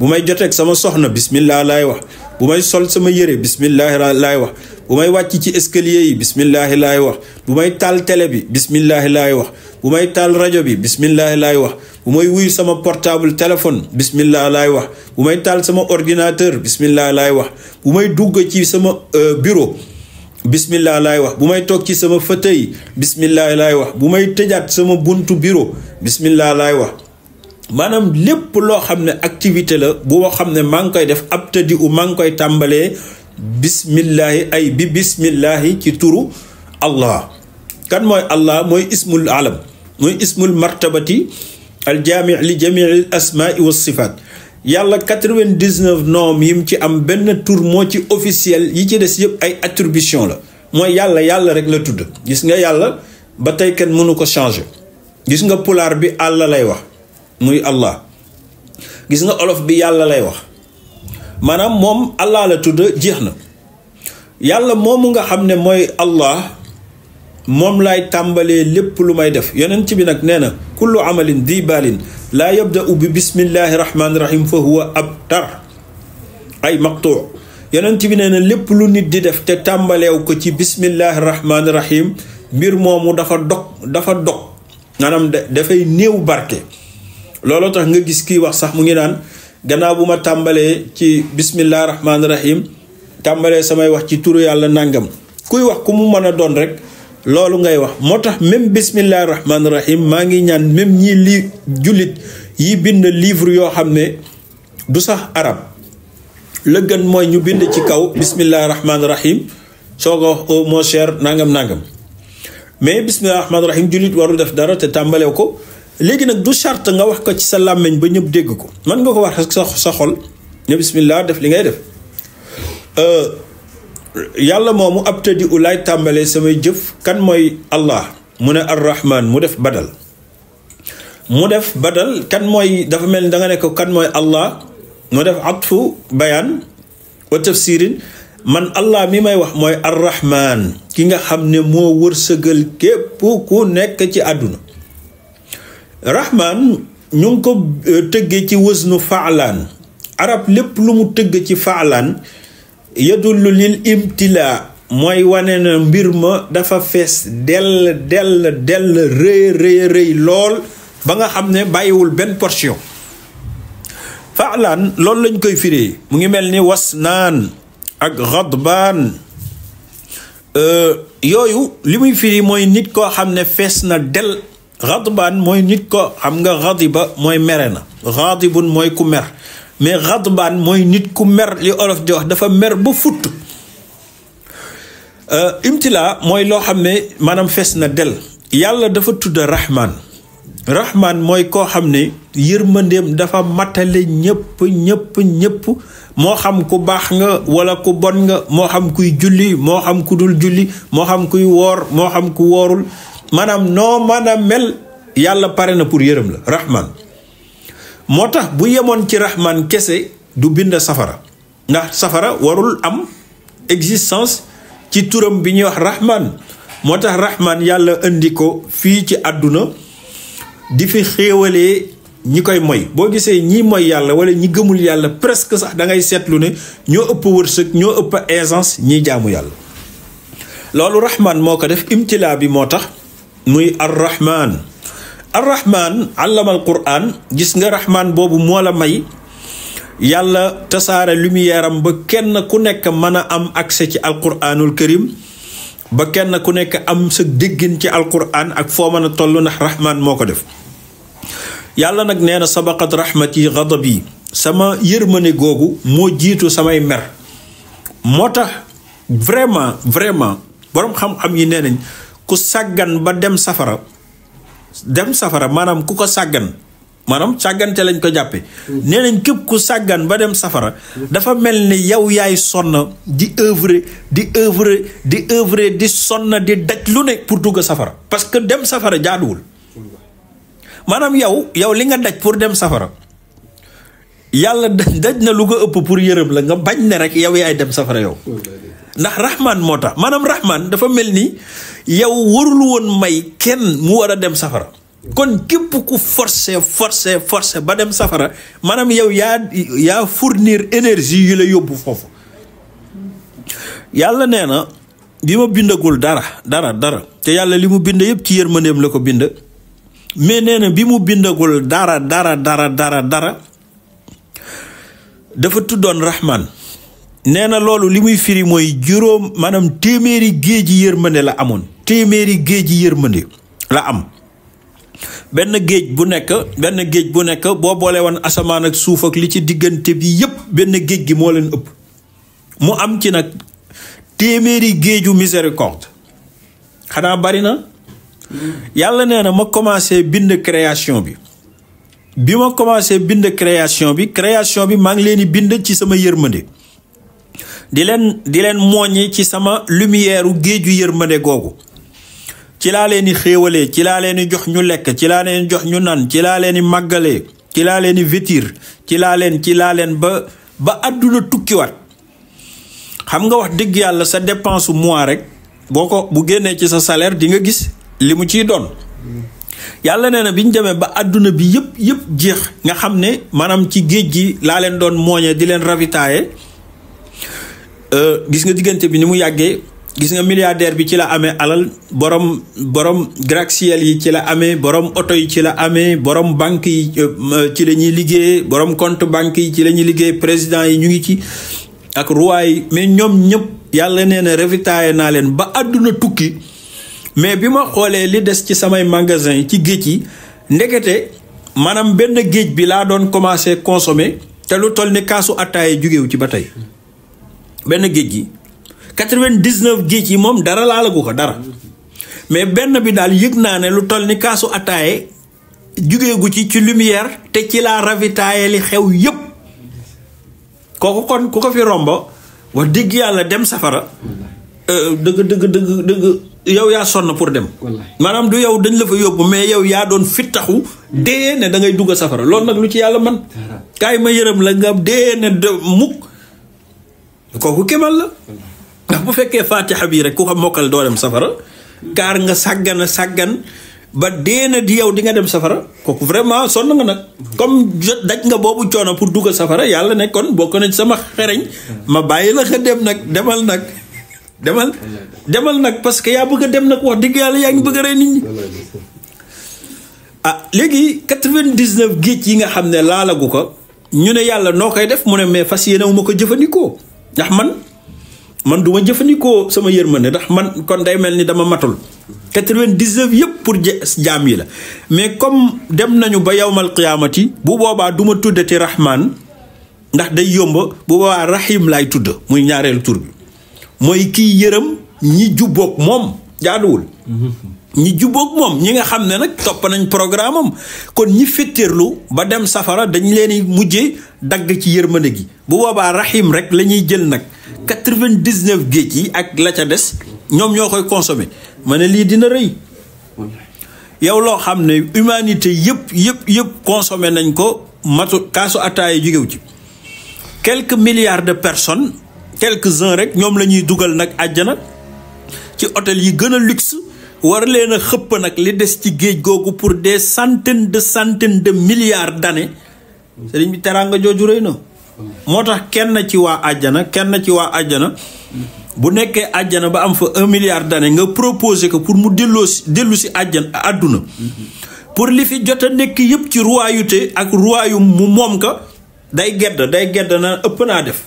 bu may joteeg sama soxna bismillah laay wax bu may sol sama yére bismillah laay wax bu may wàcc ci escalier yi laay wax bu may taal télé bi bismillah laay wax bu may taal rajo bi bismillah laay wax bu may wuyu sama portable téléphone bismillah laay wax bu may taal sama ordinateur bismillah laay wax bu may dugg ci sama euh, bureau bismillah laay wax bu may toog ci sama fauteuil bismillah laay wax bu may tëjaat sama buntu bureau bismillah laay wax maanaam lépp loo xam ne activité la boo xam ne maa ngi koy def ab tëddi u maa ngi koy tàmbalee bismillahi ay bi bismillahi ci turu allah kan mooy allah mooy ismul alam mooy ismul martabati al li jamii al asmaai wa sifaat yàlla 99 noom yi mu ci am benn tur moo ci officiel yi ci des yëpp ay attribution la mooy yàlla yàlla rek la tudd gis nga yàlla ba tey kenn mënu ko changer gis nga pulaar bi àlla lay wax muy allah gis nga olof bi yàlla lay wax maanaam moom allah la tudd jeex na yàlla moomu nga xam ne mooy allah moom laay tàmbalee lépp lu may def yonent bi nag nee na kullu amalin di balin laa yabda'u ubbi bismillahi rahmaani rahim fa huwa abtar ay maqtuu yonent bi nee na lépp lu nit di def te tàmbaleew ko ci bismillahi rahmaani rahim mbir moomu dafa dog dafa dog maanaam dafay néew barke looloo tax nga gis kii wax sax mu ngi naan gannaaw bu ma tàmbalee ci bismillahi rahmaani rahim tàmbalee samay wax ci turu yàlla nangam kuy wax ku mu mën a doon rek loolu ngay wax moo tax même bismillahi rahmaani rahim maa ngi ñaan même ñii lii jullit yi bind livre yoo xam ne du sax arab la gën mooy ñu bind ci kaw bismillahi rahmaani rahim soo ko wax oh mon nangam nangam mais bismillahi rahmaani rahim jullit warul def dara te tàmbalew ko léegi nag du charte nga wax ko ci sa làmmiñ ba ñëpp dégg ko man nga ko wax rek sa sa xol ne bismillah def li ngay def. Euh, yàlla moomu abtadi ulaay tàmbalee samay jëf kan mooy allah mu ne arrahman mu def badal mu def badal kan mooy dafa mel ni danga ne ko kan mooy allah mu def atfu bayaan wa tafsirin man allah mi may wax mooy arrahman ki nga xam ne moo wërsëgal képp ku nekk ci àdduna rahman ñu ngi ko euh, tëggee ci wësnu faalaan arab lépp lu mu tëgg ci faalaan yadullu lil imtilaa mooy wane na mbir ma dafa fees dell dell dell rëy rëy lool ba nga xam ne bàyyiwul benn portion faalaan loolu lañ koy firee mu ngi mel ni was wasnaan ak xadbaan euh, yooyu li muy firi mooy nit koo xam ne fees na del xadbaan mooy nit ko xam nga xadiba mooy mere na xadibun mooy ku mer mais xadbaan mooy nit ku mer li olof di wax dafa mer ba futt euh, imtilaa mooy loo xam ne maanaam fees na del yàlla dafa tudd rahman rahman mooy koo xam ne yërmandeem dafa matale ñëpp ñëpp ñëpp moo xam ku baax nga wala ku bon nga moo xam kuy julli moo xam ku dul julli moo xam kuy woor moo xam ku woorul maanaam noo mën a mel yàlla pare na pour yërëm la rahman moo tax bu yemoon ci rahman kese du bind safara ndax safara warul am existence ci turam bi ñuy wax rahman moo tax rahman yàlla indi ko fii ci àdduna di fi xéewalee ñi koy moy boo gisee ñii moy yàlla wala ñi gëmul yàlla presque sax dangay seetlu ne ñoo ëpp wërsëg ñoo ëpp aisance ñiy jaamu yàlla loolu rahman moo ko def imtilaa bi moo tax muy ar arrahman allama al quran gis nga rahman boobu moo la may yàlla tasaare lumière am ba kenn ku nekk mën a am accès ci alquranul karim ba kenn ku nekk am sa diggin ci alquran ak foo mën a toll ndax rahman moo ko def yàlla nag nee na sabaqat rahmati ghadabi sama yërmande googu moo jiitu samay mer moo tax vraiment vraiment boroom xam-xam yi nee nañ ku sàggan ba dem safara dem safara maanaam ku ko sàggan maanaam sàggante lañ ko jàppe nee nañ képp ku sàggan ba dem safara dafa mel ni yow yaay sonn di œuvre di œuvre di œuvre di sonn di daj lu ne pour dugg safara parce que dem safara jaaduwul maanaam yow yow li nga daj pour dem safara yàlla daj na lu ko ëpp pour yërëm la nga bañ ne rek yow yaay dem safara yow ndax rahman moo tax maanaam rahman dafa mel ni yow warul woon may kenn mu war a dem safara kon képp ku forcé forcé forcé ba dem safara maanaam yow yaa yaa fournir énergie yu la yóbbu foofu yàlla nee na bi ma bindagul dara dara dara te yàlla li mu bind yëpp ci yërmandeem la ko bind mais nee na bi mu bindagul dara dara dara dara dara dafa tuddoon rahman nee na loolu li muy firi mooy juróom maanaam téeméeri géej yi yërmande la amoon téeméeri géej yi yërmande la am benn géej bu nekk benn géej bu nekk boo boolee woon asamaan ak suuf ak li ci diggante bi yëpp benn géej gi moo leen ëpp mu am ci nag téeméeri géeju miséricorde xanaa bari na yàlla nee na ma commencé bind création bi bi ma commencé bind création bi création bi maa ngi leen di bind ci sama yërmande di leen di leen mooñi ci sama lumière u géeju yërmande googu ci laa leen di xéewalee ci laa leen di jox ñu lekk ci laa leen jox ñu naan ci laa leen di màggalee ci laa leen di vétir ci laa leen ci laa leen ba ba àdduna tukkiwaat xam nga wax dëgg yàlla sa dépense mois rek boo ko bu génnee ci sa salaire di nga gis li mu ciy doon yàlla nee na bi ñu demee ba àdduna bi yëpp yëpp jeex nga xam ne maanaam ci géej gi laa leen doon mooñee di leen ravitaaye Euh, gis nga diggante bi ni mu yàggee gis nga milliardaire bi ci la amee alal borom borom gratte yi ci la amee borom oto yi ci la amee borom banque yi euh, euh, ci la ñuy liggéey borom compte banque yi ci la ñuy liggéey président yi ñu ngi ci ak roi yi mais ñoom ñëpp yàlla nee na ravitaillé naa leen ba àdduna tukki mais bi ma xoolee li des ci samay magasin yi ci géej yi ndekete maanaam benn géej bi laa doon commencé consommer te lu toll ni kaasu attaaya jugewu ci ba tey benn géej gi quatre vingt dix géej yi moom dara laalagu ko dara mais benn bi daal yëg naa ne lu toll ni kaasu ataaye jugeegu ci ci lumière te ci laa ravitaaye li xew yépp kooku kon ku ko fi rombo wax dëgg yàlla dem safara euh, dëgg dëgg dëgg dëgg yow yaa sonn pour dem maanaam du yow dañ la fa yóbbu mais yow yaa doon fittaxu dee ne da ngay dugg safara loolu nag lu ci yàlla man kaay ma yërëm la nga dee ne mukk kooku kebal la ndax bu fekkee faatixa bii rek ku ko mokkal doo dem safara kaar nga sàggan a sàggan ba deena di yow di nga dem safara kooku vraiment sonn nga nag comme daj nga boobu coono pour dugg safara yàlla nekkoon kon bokk na sama xereñ ma bàyyi la nga dem nag demal nag demal demal nag parce que yaa bëgg a dem nag wax dëgg yàlla yaa ngi bëgg a rey nit ñi ah léegi quatre-vingt-dix-neuf géej yi nga xam ne laalagu ko ñu ne yàlla noo koy def mu ne mais fas yéene wu ko jëfandikoo ndax man man du jëfandikoo sama yërmande ndax man kon day mel ni dama matul quatre-vingt-dix-neuf yëpp pour jaam yi la mais comme dem nañu ba yawmal qiyaamati bu boobaa duma ma tuddati rahman ndax day yomba bu boobaa rahim laay tudd muy ñaareel tur bi mooy kiy yërëm ñi jubboog moom jaaduwul mhm. ñi jubóog moom ñi nga xam ne nag topp nañ programme am kon ñi fettirlu ba dem safara dañ leen di mujjee dagg ci yërmande gi bu boobaa rahim rek la ñuy jël nag quatre-vingt-dix-neuf géej yi ak la ca des ñoom ñoo koy consommé ma ne lii dina rey yow loo xam ne humanité yëpp yëpp yëpp consommé nañ ko matu kaasu ataaya jógew ci quelque milliards de personnes quelques uns rek ñoom la ñuy dugal nag àjjana ci hôtel yi gën a luxe war leen a xëpp nag li des ci géej googu pour des centaines de centaines de milliards d'années sëriñ bi teraanga jooju rëy na moo tax kenn ci waa àjjana kenn ci waa àjjana bu nekkee àjjana ba am fa un milliard d'années nga proposé ko pour mu delloo si dellu si àjjana àdduna pour li fi jot a nekk yëpp ci roi royauté ak royaume mu moom ka day gedd day gedd na ëpp naa def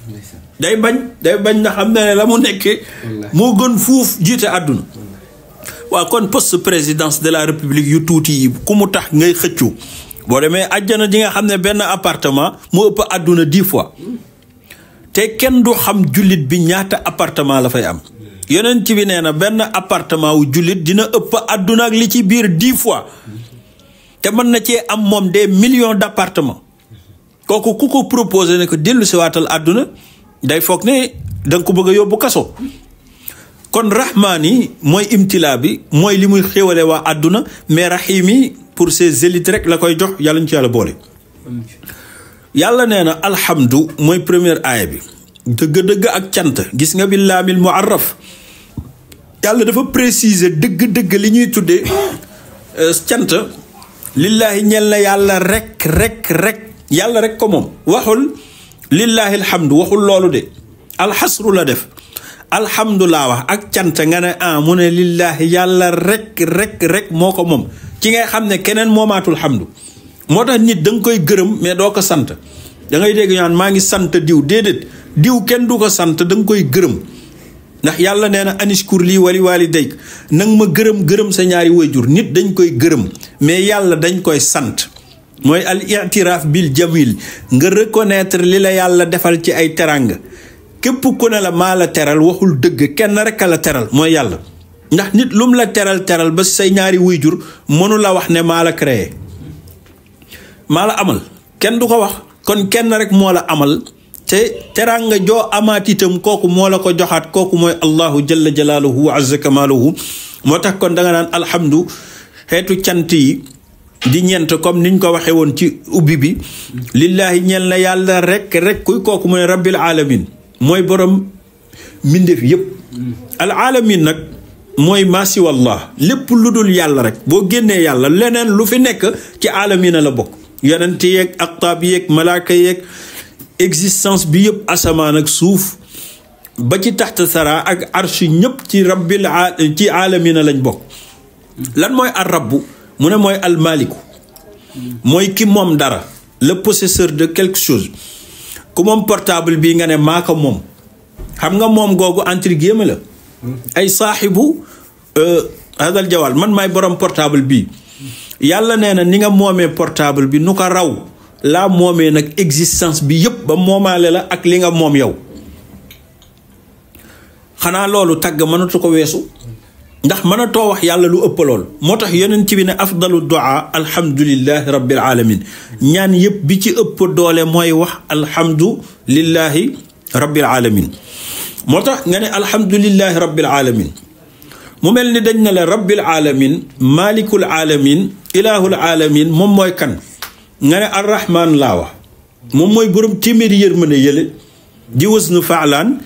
day bañ day bañ na xam ne la mu nekkee moo gën fuuf jiite àdduna waa kon poste présidence de la république yu tuuti yi ku mu tax ngay xëccu boo demee àjjana ji nga xam ne benn appartement mu ëpp àdduna dix fois te kenn du xam jullit bi ñaata appartement la fay am yeneen bi nee na benn appartement wu jullit dina ëpp àdduna li ci biir di fois te mën na cee am moom des millions d' appartement kooku ku ko proposé ne ko dellu si waatal àdduna day foog ne danga nga ko bëgg a yóbbu kaso kon rahmaan yi mooy imtilaa bi mooy li muy xéwale waa àdduna mais rahim yi pour ses élites rek la koy jox yàlla ñu ci yàlla boole. yàlla nee na alhamdu mooy première aaya bi dëgg-dëgg ak cant gis nga bi laamil muarraf yàlla dafa préciser dëgg-dëgg li ñuy tuddee euh, cant lillaahi ñel na yàlla rek rek rek yàlla rek ko moom waxul lillaahi alhamdu waxul loolu de alxasru la def alhamdulilah wax ak cant nga ne ah mu ne lillaahi yàlla rek rek rek moo ko moom ci ngay xam ne keneen moomaatul hamdu moo tax nit danga koy gërëm mais doo ko sant da ngay maa ngi sant diw déedéet diw kenn du ko sant da koy gërëm ndax yàlla nee na anishkur lii wali wali dayk nang ma gërëm gërëm sa ñaari wayjur nit dañ koy gërëm mais yàlla dañ koy sant mooy al itiraaf bil jamil nga reconnaître li la yàlla defal ci ay teranga képp ku ne la maa la teral waxul dëgg kenn rek la teral mooy yàlla ndax nit lum la teral teral ba say ñaari wuy jur mënula wax ne maa la créé maa la amal kenn du ko wax kon kenn rek moo la amal te teraanga joo amaat itam kooku moo la ko joxaat kooku mooy allahu jalla jalaaluhu wa azza kamaaluhu moo tax kon da naan alhamdu xeetu cant yi di ñeent comme niñ ko waxee woon ci ubbi bi lillahi ñeel na yàlla rek rek kuy kooku mooy rabbil alamin mooy borom mbindeef yëpp al alamin nag mooy maasi wallah lépp lu dul yàlla rek boo génnee yàlla leneen lu fi nekk ci alamina la bokk yonent yeeg aqtaab yeeg malaaka yeeg existence bi yëpp asamaan ak suuf ba ci taxta sara ak arsh ñëpp ci rabbil ci alamina lañ bokk lan mooy ar rabbu mu ne mooy almaliku mooy ki moom dara le possesseur de quelque chose ku moom portable bii nga ne maa ko moom xam nga moom googu entre guillemets la ay saaxibu euh, hadal jawal man may borom portable bi yàlla nee na ni nga moomee portable bi nu ko raw laa moomee nag existence bi yëpp ba moomaale la ak li nga moom yow xanaa loolu tàgg mënatu ko weesu ndax mën a too wax yàlla lu ëpp lool moo tax yonent bi ne afdalu duaa alhamdulilahi rabbil alamin ñaan yëpp bi ci ëpp doole mooy wax alhamdulilahi rabbil alamin moo tax nga ne alhamdulilahi rabbil alamin mu mel ni dañ ne la rabbil alamin malikul alamin ilahul alamin moom mooy kan nga ne arrahman laa wax moom mooy borom téeméeri yërmande yële di wës nu faalaan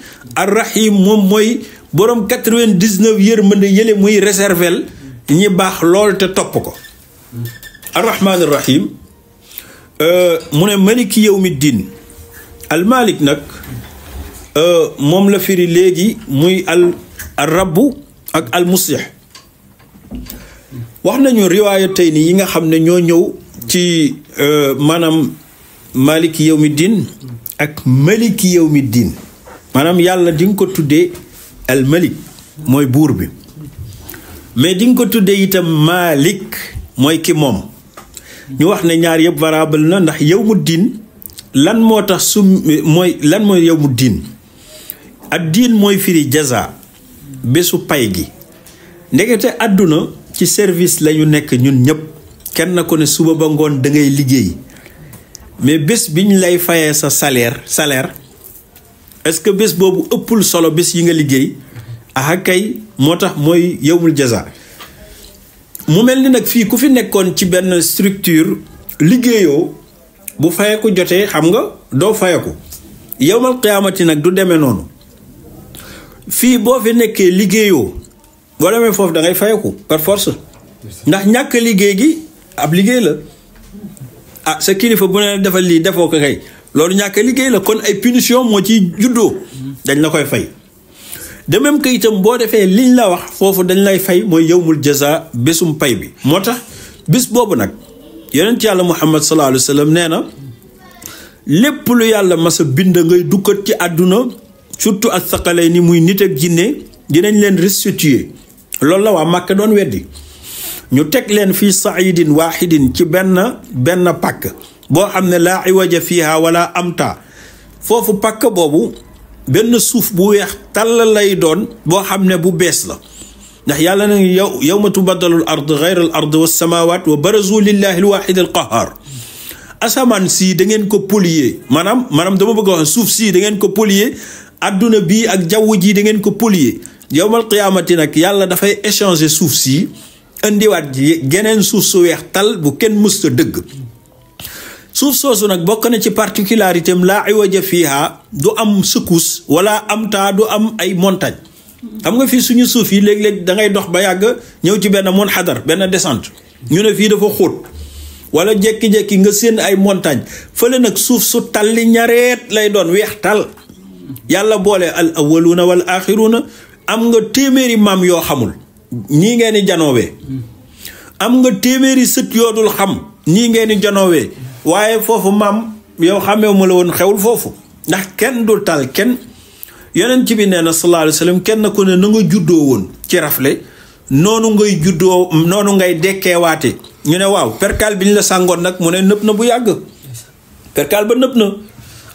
arrahim moom mooy borom quatre-vingt-dix-neuf yërmande yële muy réservel ñi baax lool te topp ko arrahmaani rahim euh, mu ne maliki yawmi diin almalik nag euh, moom la firi léegi muy al rabbu ak al wax nañu riwaaya tey ni yi nga xam ne ñoo ñëw ci euh, maanaam maliki yawmi diin ak maliki yawmi diin maanaam yàlla di nga ko tuddee al mooy buur bi mais dinga ko tuddee itam malik mooy ki moom ñu wax ne ñaar yëpp variable na ndax yow mu diin lan moo tax su mooy lan mooy yow mu diin ak diin mooy firi jaza bésu pay gi ndekete àdduna ci service lañu nekk ñun ñëpp kenn na ko ne suba ba ngoon dangay liggéey mais bés bi ñu lay fayee sa salaire salaire est-ce que bés boobu ëppul solo bés yi nga liggéey ah kay moo tax mooy yowmul jaza mu mel ni nag fii ku fi nekkoon ci benn structure liggéeyoo bu fayeku jotee xam nga doo fayeku yowmal qiyaamati nag du demee noonu fii boo fi nekkee liggéeyoo boo demee foofu dangay ngay fayeku par force ndax ñàkk liggéey gi ab liggéey la ah sa kilifa bu ne defal lii defoo ko kay loolu ñàkk liggéey la kon ay punition moo ci juddoo dañ la koy fay de même itam boo defee liñ la wax foofu dañ lay fay mooy yowmul jaza bésum pay bi moo tax bés boobu nag yonent yàlla muhammad sallallahu alayhi wa sallam nee na lépp lu yàlla mas a bind ngay dukkat ci àdduna surtout ak saqalay ni muy nit ak jinne dinañ leen restituer loolu la waa Màkka doon weddi ñu teg leen fii saidin waahidin ci benn benn pàkk boo xam ne laa iwaja fiha wala amta foofu pàkk boobu benn suuf bu weex tàll lay doon boo xam ne bu bees la ndax yàlla na yow yawma tubaddalu al ard gayra al ard wa samawat wa barazu lillahi al wahid al qahar asamaan sii da ngeen ko polier maanaam maanaam dama bëgg a wax suuf sii da ngeen ko polier adduna bii ak jaww jii da ngeen ko polier yowmal qiyaamati nag yàlla dafay échanger suuf sii indiwaat ji geneen suuf su weex tàll bu kenn mësta dëgg suuf soosu nag bokk na ci particularité am laa iwaja fiiha du am secousse wala am taa du am ay montagne xam nga fi suñu suuf yi léeg-léeg da ngay dox ba yàgg ñëw ci benn munxadar benn descente ñu ne fii dafa xóot wala jékki nga séen ay montagne fële nag suuf su talli ñareet lay doon weex tàll yàlla boole al awwaluuna wal na am nga téeméeri maam yoo xamul ñii ngeen di janoowee am nga téeméeri sët yoodul xam ñii ngeen di janoowee waaye foofu maam yow xamee ma la woon xewul foofu ndax kenn du tal kenn yonent bi nee na sallallahu alayhi kenn ku ne na nga juddoo woon ci rafle noonu ngay juddoo noonu ngay dekkeewaate ñu ne waaw perkaal bi ñu la sàngoon nag mu ne nëpp na bu yàgg perkaal ba nëpp na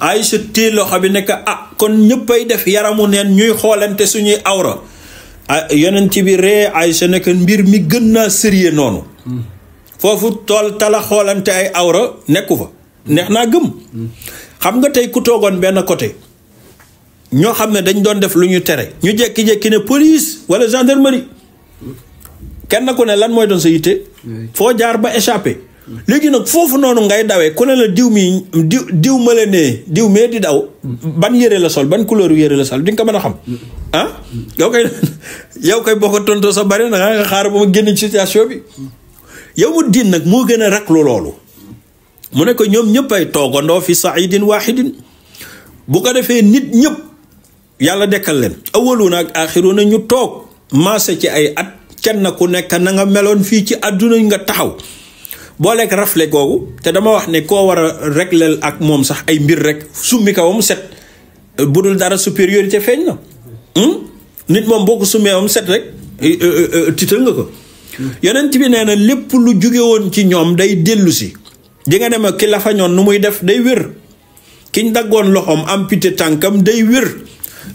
ay sa loxo bi nekk ah kon ñëppay def yaramu neen ñuy xoolante suñuy awra yonent bi ree Aysa nekk mbir mi gën naa sérieux noonu hmm. foofu tool tala xoolante ay awra nekku fa neex naa gëm hmm. xam nga tey ku toogoon benn côté ñoo xam ne dañ doon def lu ñu tere ñu jekki-jekki ne police wala gendarmerie hmm. kenn ku ne lan mooy doon sa yitte foo jaar ba échappé léegi nag foofu noonu ngay dawee ku ne diw mi diw diw ma la nee diw mee di daw ban yëre la sol ban couleur yére la sol di ko mën a xam ah yow koy yow koy boo ko tontoo sa bari na nga xaar ba ma génn situation bi yow mu diin nag moo gën a raklu loolu mu ne ko ñoom ñëpp ay toogandoo fi saidin wahidin bu ko defee nit ñëpp yàlla dekkal leen awaluna ak axiruna ñu toog maase ci ay at kenn ku nekk na nga meloon fii ci àdduna nga taxaw booleeg rafle googu te dama wax ne koo war a régleel ak moom sax ay mbir rek summi kaw mu set bu dul dara supériorité feeñ na hmm? nit moom boo ko summee set rek eh, eh, eh, tiital nga ko yonent bi nee na lépp lu jóge woon ci ñoom day dellu si di nga ne ma ki la fa nu muy def day wér kiñ daggoon loxoom amputé tànkam day wér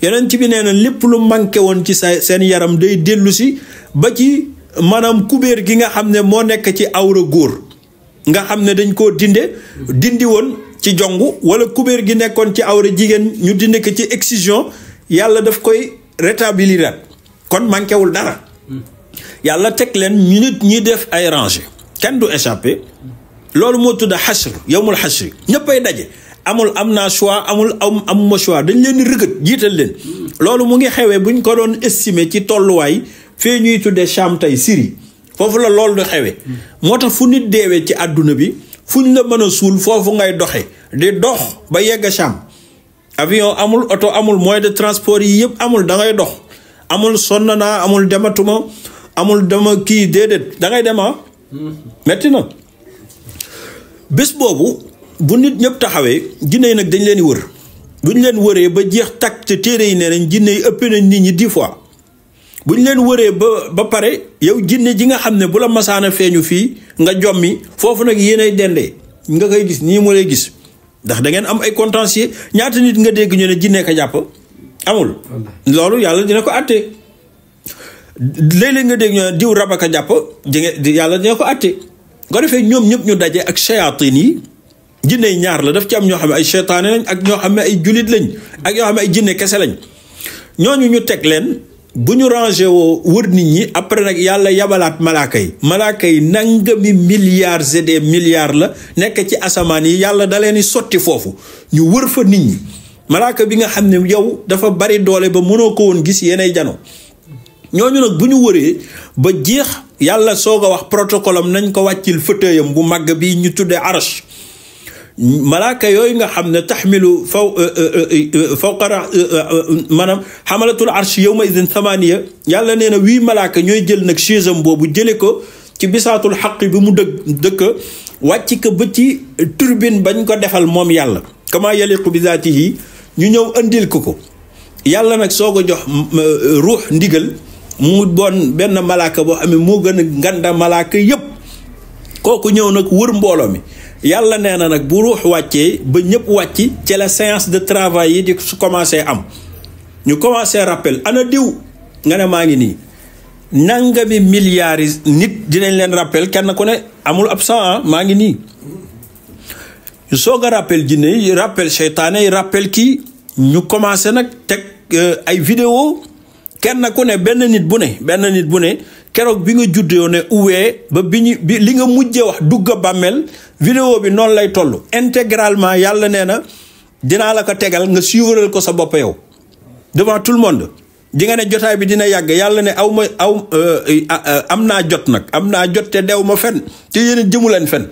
yonent bi nee na lépp lu manqué woon ci sa seen yaram day dellu si ba ci maanaam kubéer gi nga xam ne moo nekk ci awra góor nga xam ne dañ koo dinde dindi woon ci jongu wala kubéer gi nekkoon ci awra jigéen ñu dinde ko ci excision yàlla daf koy rétablir kon manquéwul dara yàlla teg leen ñu nit ñi def ay rangé kenn du échappé loolu moo tudda xasr yowmul xasri ñëppay daje amul am naa choix amul am am ma dañ leen rëgët jiital leen loolu mu ngi xewee ñu ko doon estimer ci tolluwaay fee ñuy tuddee Cham tey Syrie foofu la loolu di xewee moo tax fu nit deewee ci àdduna bi fuñ la mën a suul foofu ngay doxe di dox ba yegg Cham avion amul oto amul moyen de transport yi yëpp amul da ngay dox amul sonn naa amul dematuma amul dama kii déedéet da ngay dema ah. metti na bés boobu bu nit ñëpp taxawee jinne yi nag dañu leen wër bu ñu leen wëree ba jeex takk te téere yi nee nañ jinne yi ëpp nañ nit ñi di fois bu ñu leen wëree ba ba pare yow jinne ji nga xam ne bu la masaana feeñu fii nga jommi foofu nag yéenay dendee nga koy gis nii moo lay gis ndax da ngeen am ay contentieux ñaata nit nga dégg ñu ne jinne ka jàpp amul. loolu yàlla dina ko àtte léeg nga dégg ñu diw rab ka jàpp di yàlla dina ko àtte nga defee ñoom ñëpp ñu daje ak shayatin yi jinne ñaar la daf ci am ñoo xam ne ay seytaane lañ ak ñoo xam ne ay julit lañ ak ñoo xam ne ay jinne kese lañ ñooñu ñu teg leen. bu ñu rangé woo wër nit ñi après nag yàlla yabalaat malaaka yi malaaka yi nangami milliards et des milliards la nekk ci asamaan yi yàlla da leen di sotti foofu ñu wër fa nit ñi malaaka bi nga xam ne yow dafa bari doole ba mënoo ko woon gis yeneen jano ñooñu nag bu ñu wëree ba jeex yàlla soog a wax protocole nañ ko wàccil fëtëyam bu màgg bi ñu tuddee arsh malaaka yooyu nga xam ne taxmilu faw euh, euh, euh, fawqara maanaam xamalatul arsh yawma idin samaniya yàlla nee na wii malaaka ñooy jël nag chaise am boobu jële ko ci bisaatul xaq bi mu dëgg dëkk wàcc ko ba ci turbine bañ ko defal moom yàlla kama yaliqu bi yi ñu ñëw andil ko ko yàlla nag soo ko jox ruux ndigal mu doon benn malaaka boo xam ne moo gën a nganda malaaka yëpp kooku ñëw nag wër mbooloo mi yàlla nee na nag bu ruux wàccee ba ñëpp wàcc ci la séance de travail yi di su commencé am ñu commencé rappel ana diw nga ne maa ngi nii nangami milliards nit dinañ leen rappel kenn ku ne amul ab absent ah, maa ngi nii ñu soog a rappel jinne yi rappel seytaane yi rappel kii ñu commencé nag teg euh, ay vidéo kenn ku ne benn nit bu ne benn nit bu ne keroog bi nga juddoo ne uwee ba bi ñu bi li nga mujjee wax dugg a bàmmeel vidéo bi noonu lay toll intégralement yàlla nee na dinaa la ko tegal nga suivral ko sa bopp yow devant tout monde di nga ne jotaay bi dina yàgg yàlla ne aw ma aw euh, euh, am naa jot nag am naa jot te dew ma fen te yéen jëmu leen fen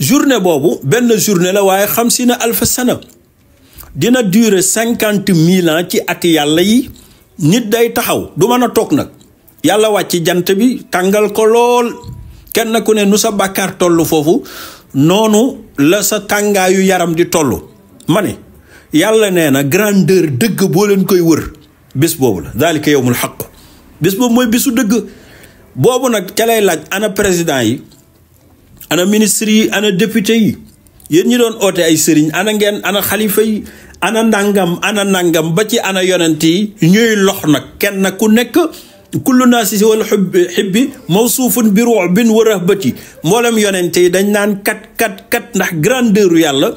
journée boobu benn journée la waaye xam si na alfa sana dina dure cinquante mille ans ci ati yàlla yi nit day taxaw du mën a toog nag yàlla wàcc jant bi tàngal ko lool kenn ku ne nu sa bàkkaar toll foofu noonu la sa tàngaayu yaram di toll ma ni yàlla nee na grandeur dëgg boo leen koy wër bés boobu la daalika yowmul xaq bis boobu mooy bisu dëgg boobu nag ca lay laaj ana président yi ana ministre yi ana député yi yéen ñi doon oote ay sëriñ ana ngeen ana xalifa yi ana nangam ana nangam ba ci ana yonent yi ñuy lox nag kenn ku nekk kullu naasi si wala xibbi xibbi mawsuufun bi ru'bin wa rahbati mboolem yonent yi dañ naan kat kat kat ndax grandeur yàlla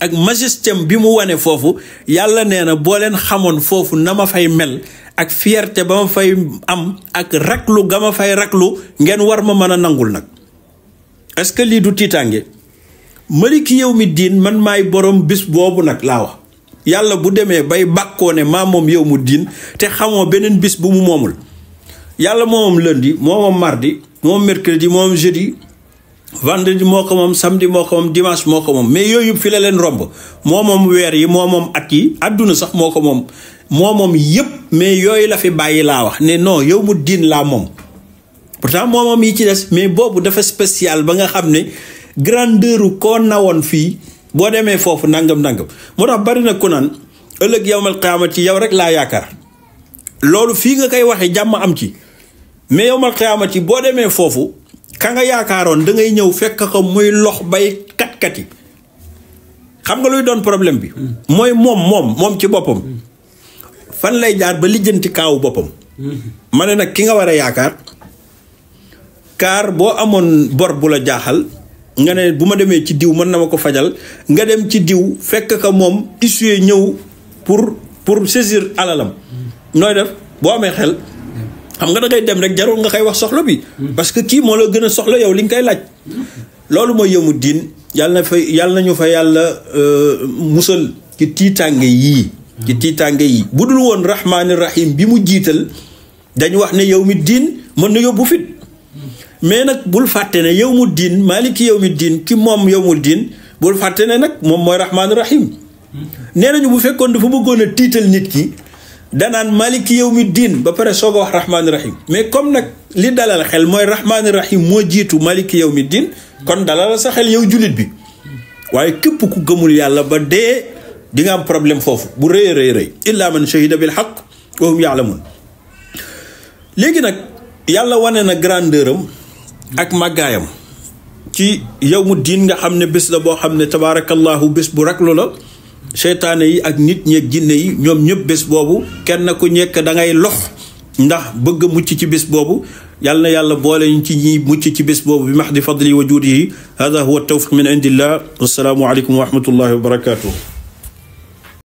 ak majesté bi mu wane foofu yàlla nee na boo leen xamoon foofu na ma fay mel ak fierté ba ma fay am ak raklu ga ma fay raglu ngeen war ma mën a nangul nag est que lii du tiitaange maliki yow mi diin man maay borom bis boobu nag laa wax yàlla bu demee bay bàkkoo ne maa moom yow mu diin te xamoo beneen bis bu mu moomul yàlla moomam lundi moomam mardi moom mercredi moom jeudi vendredi moo ko moom samedi moo ko moo ko moom mais yooyu yëpp la leen romb moom weer yi moo at yi àdduna sax moo ko moom moo yëpp mais yooyu la fi bàyyi laa wax ne non yow mu diin laa moom pour moo moom yi ci des mais boobu dafa special ba nga xam ne grandeur u koo nawoon fii boo demee foofu nangam nangam moo tax bari na ku naan ëllëg yowmal qiyaama ci yow rek laa yaakaar loolu fii nga koy waxee jàmm am ci mais yowmal qiyaama ci boo demee foofu ka nga yaakaaroon da ngay ñëw fekk ko muy lox bay kat xam nga luy doon problème bi. mooy moom moom moom ci boppam. fan lay jaar ba lijjanti kaawu boppam. ma ne nag ki nga war a yaakaar kaar boo amoon bor bu la jaaxal. nga ne bu ma demee ci diw mën na ma ko fajal nga dem ci diw fekk ka moom issuer ñëw pour pour saisir alalam nooy def boo amee xel xam nga da ngay dem rek jarul nga kay wax soxla bi parce que kii moo la gën a soxla yow li nga koy laaj loolu mooy mu diin yàlla na fa yàlla nañu fa yàlla euh, musal ci tiitaange yii ci tiitaange yii bu dul woon rahmaani rahim bi mu jiital dañu wax ne yow mi diin mën na yóbbu fit mais nag bul fàtte ne yow mu diin maaliki yow mi diin ki moom yow mu diin bul fàtte ne nag moom mooy rahmaani rahim. nee nañu bu fekkoon dafa bëggoon a tiital nit ki danaan maaliki yow mi diin ba pare soog a wax rahmaani rahim mais comme nag li dalal xel mooy rahmaani rahim moo jiitu maaliki yow mi diin kon dalal sa xel yow jullit bi waaye képp ku gëmul yàlla ba dee di am problème foofu bu rëy a rëy rëy illa man shahida bil haqq wa hum yaalamun léegi nag yàlla wane na grandeur ak màggaayam ci yow mu diin nga xam ne bés la boo xam ne tabaarakallahu bés bu raglu la seytaane yi ak nit ñeeg jinne yi ñoom ñëpp bés boobu kenn ku ñekk da ngay lox ndax bëgg a mucc ci bés boobu yàlla na yàlla boole ci ñi mucc ci bés boobu bi di fadli wa juudi yi hada huwa tawfiq min indillah wassalaamu aleykum wa rahmatullahi wa barakatuh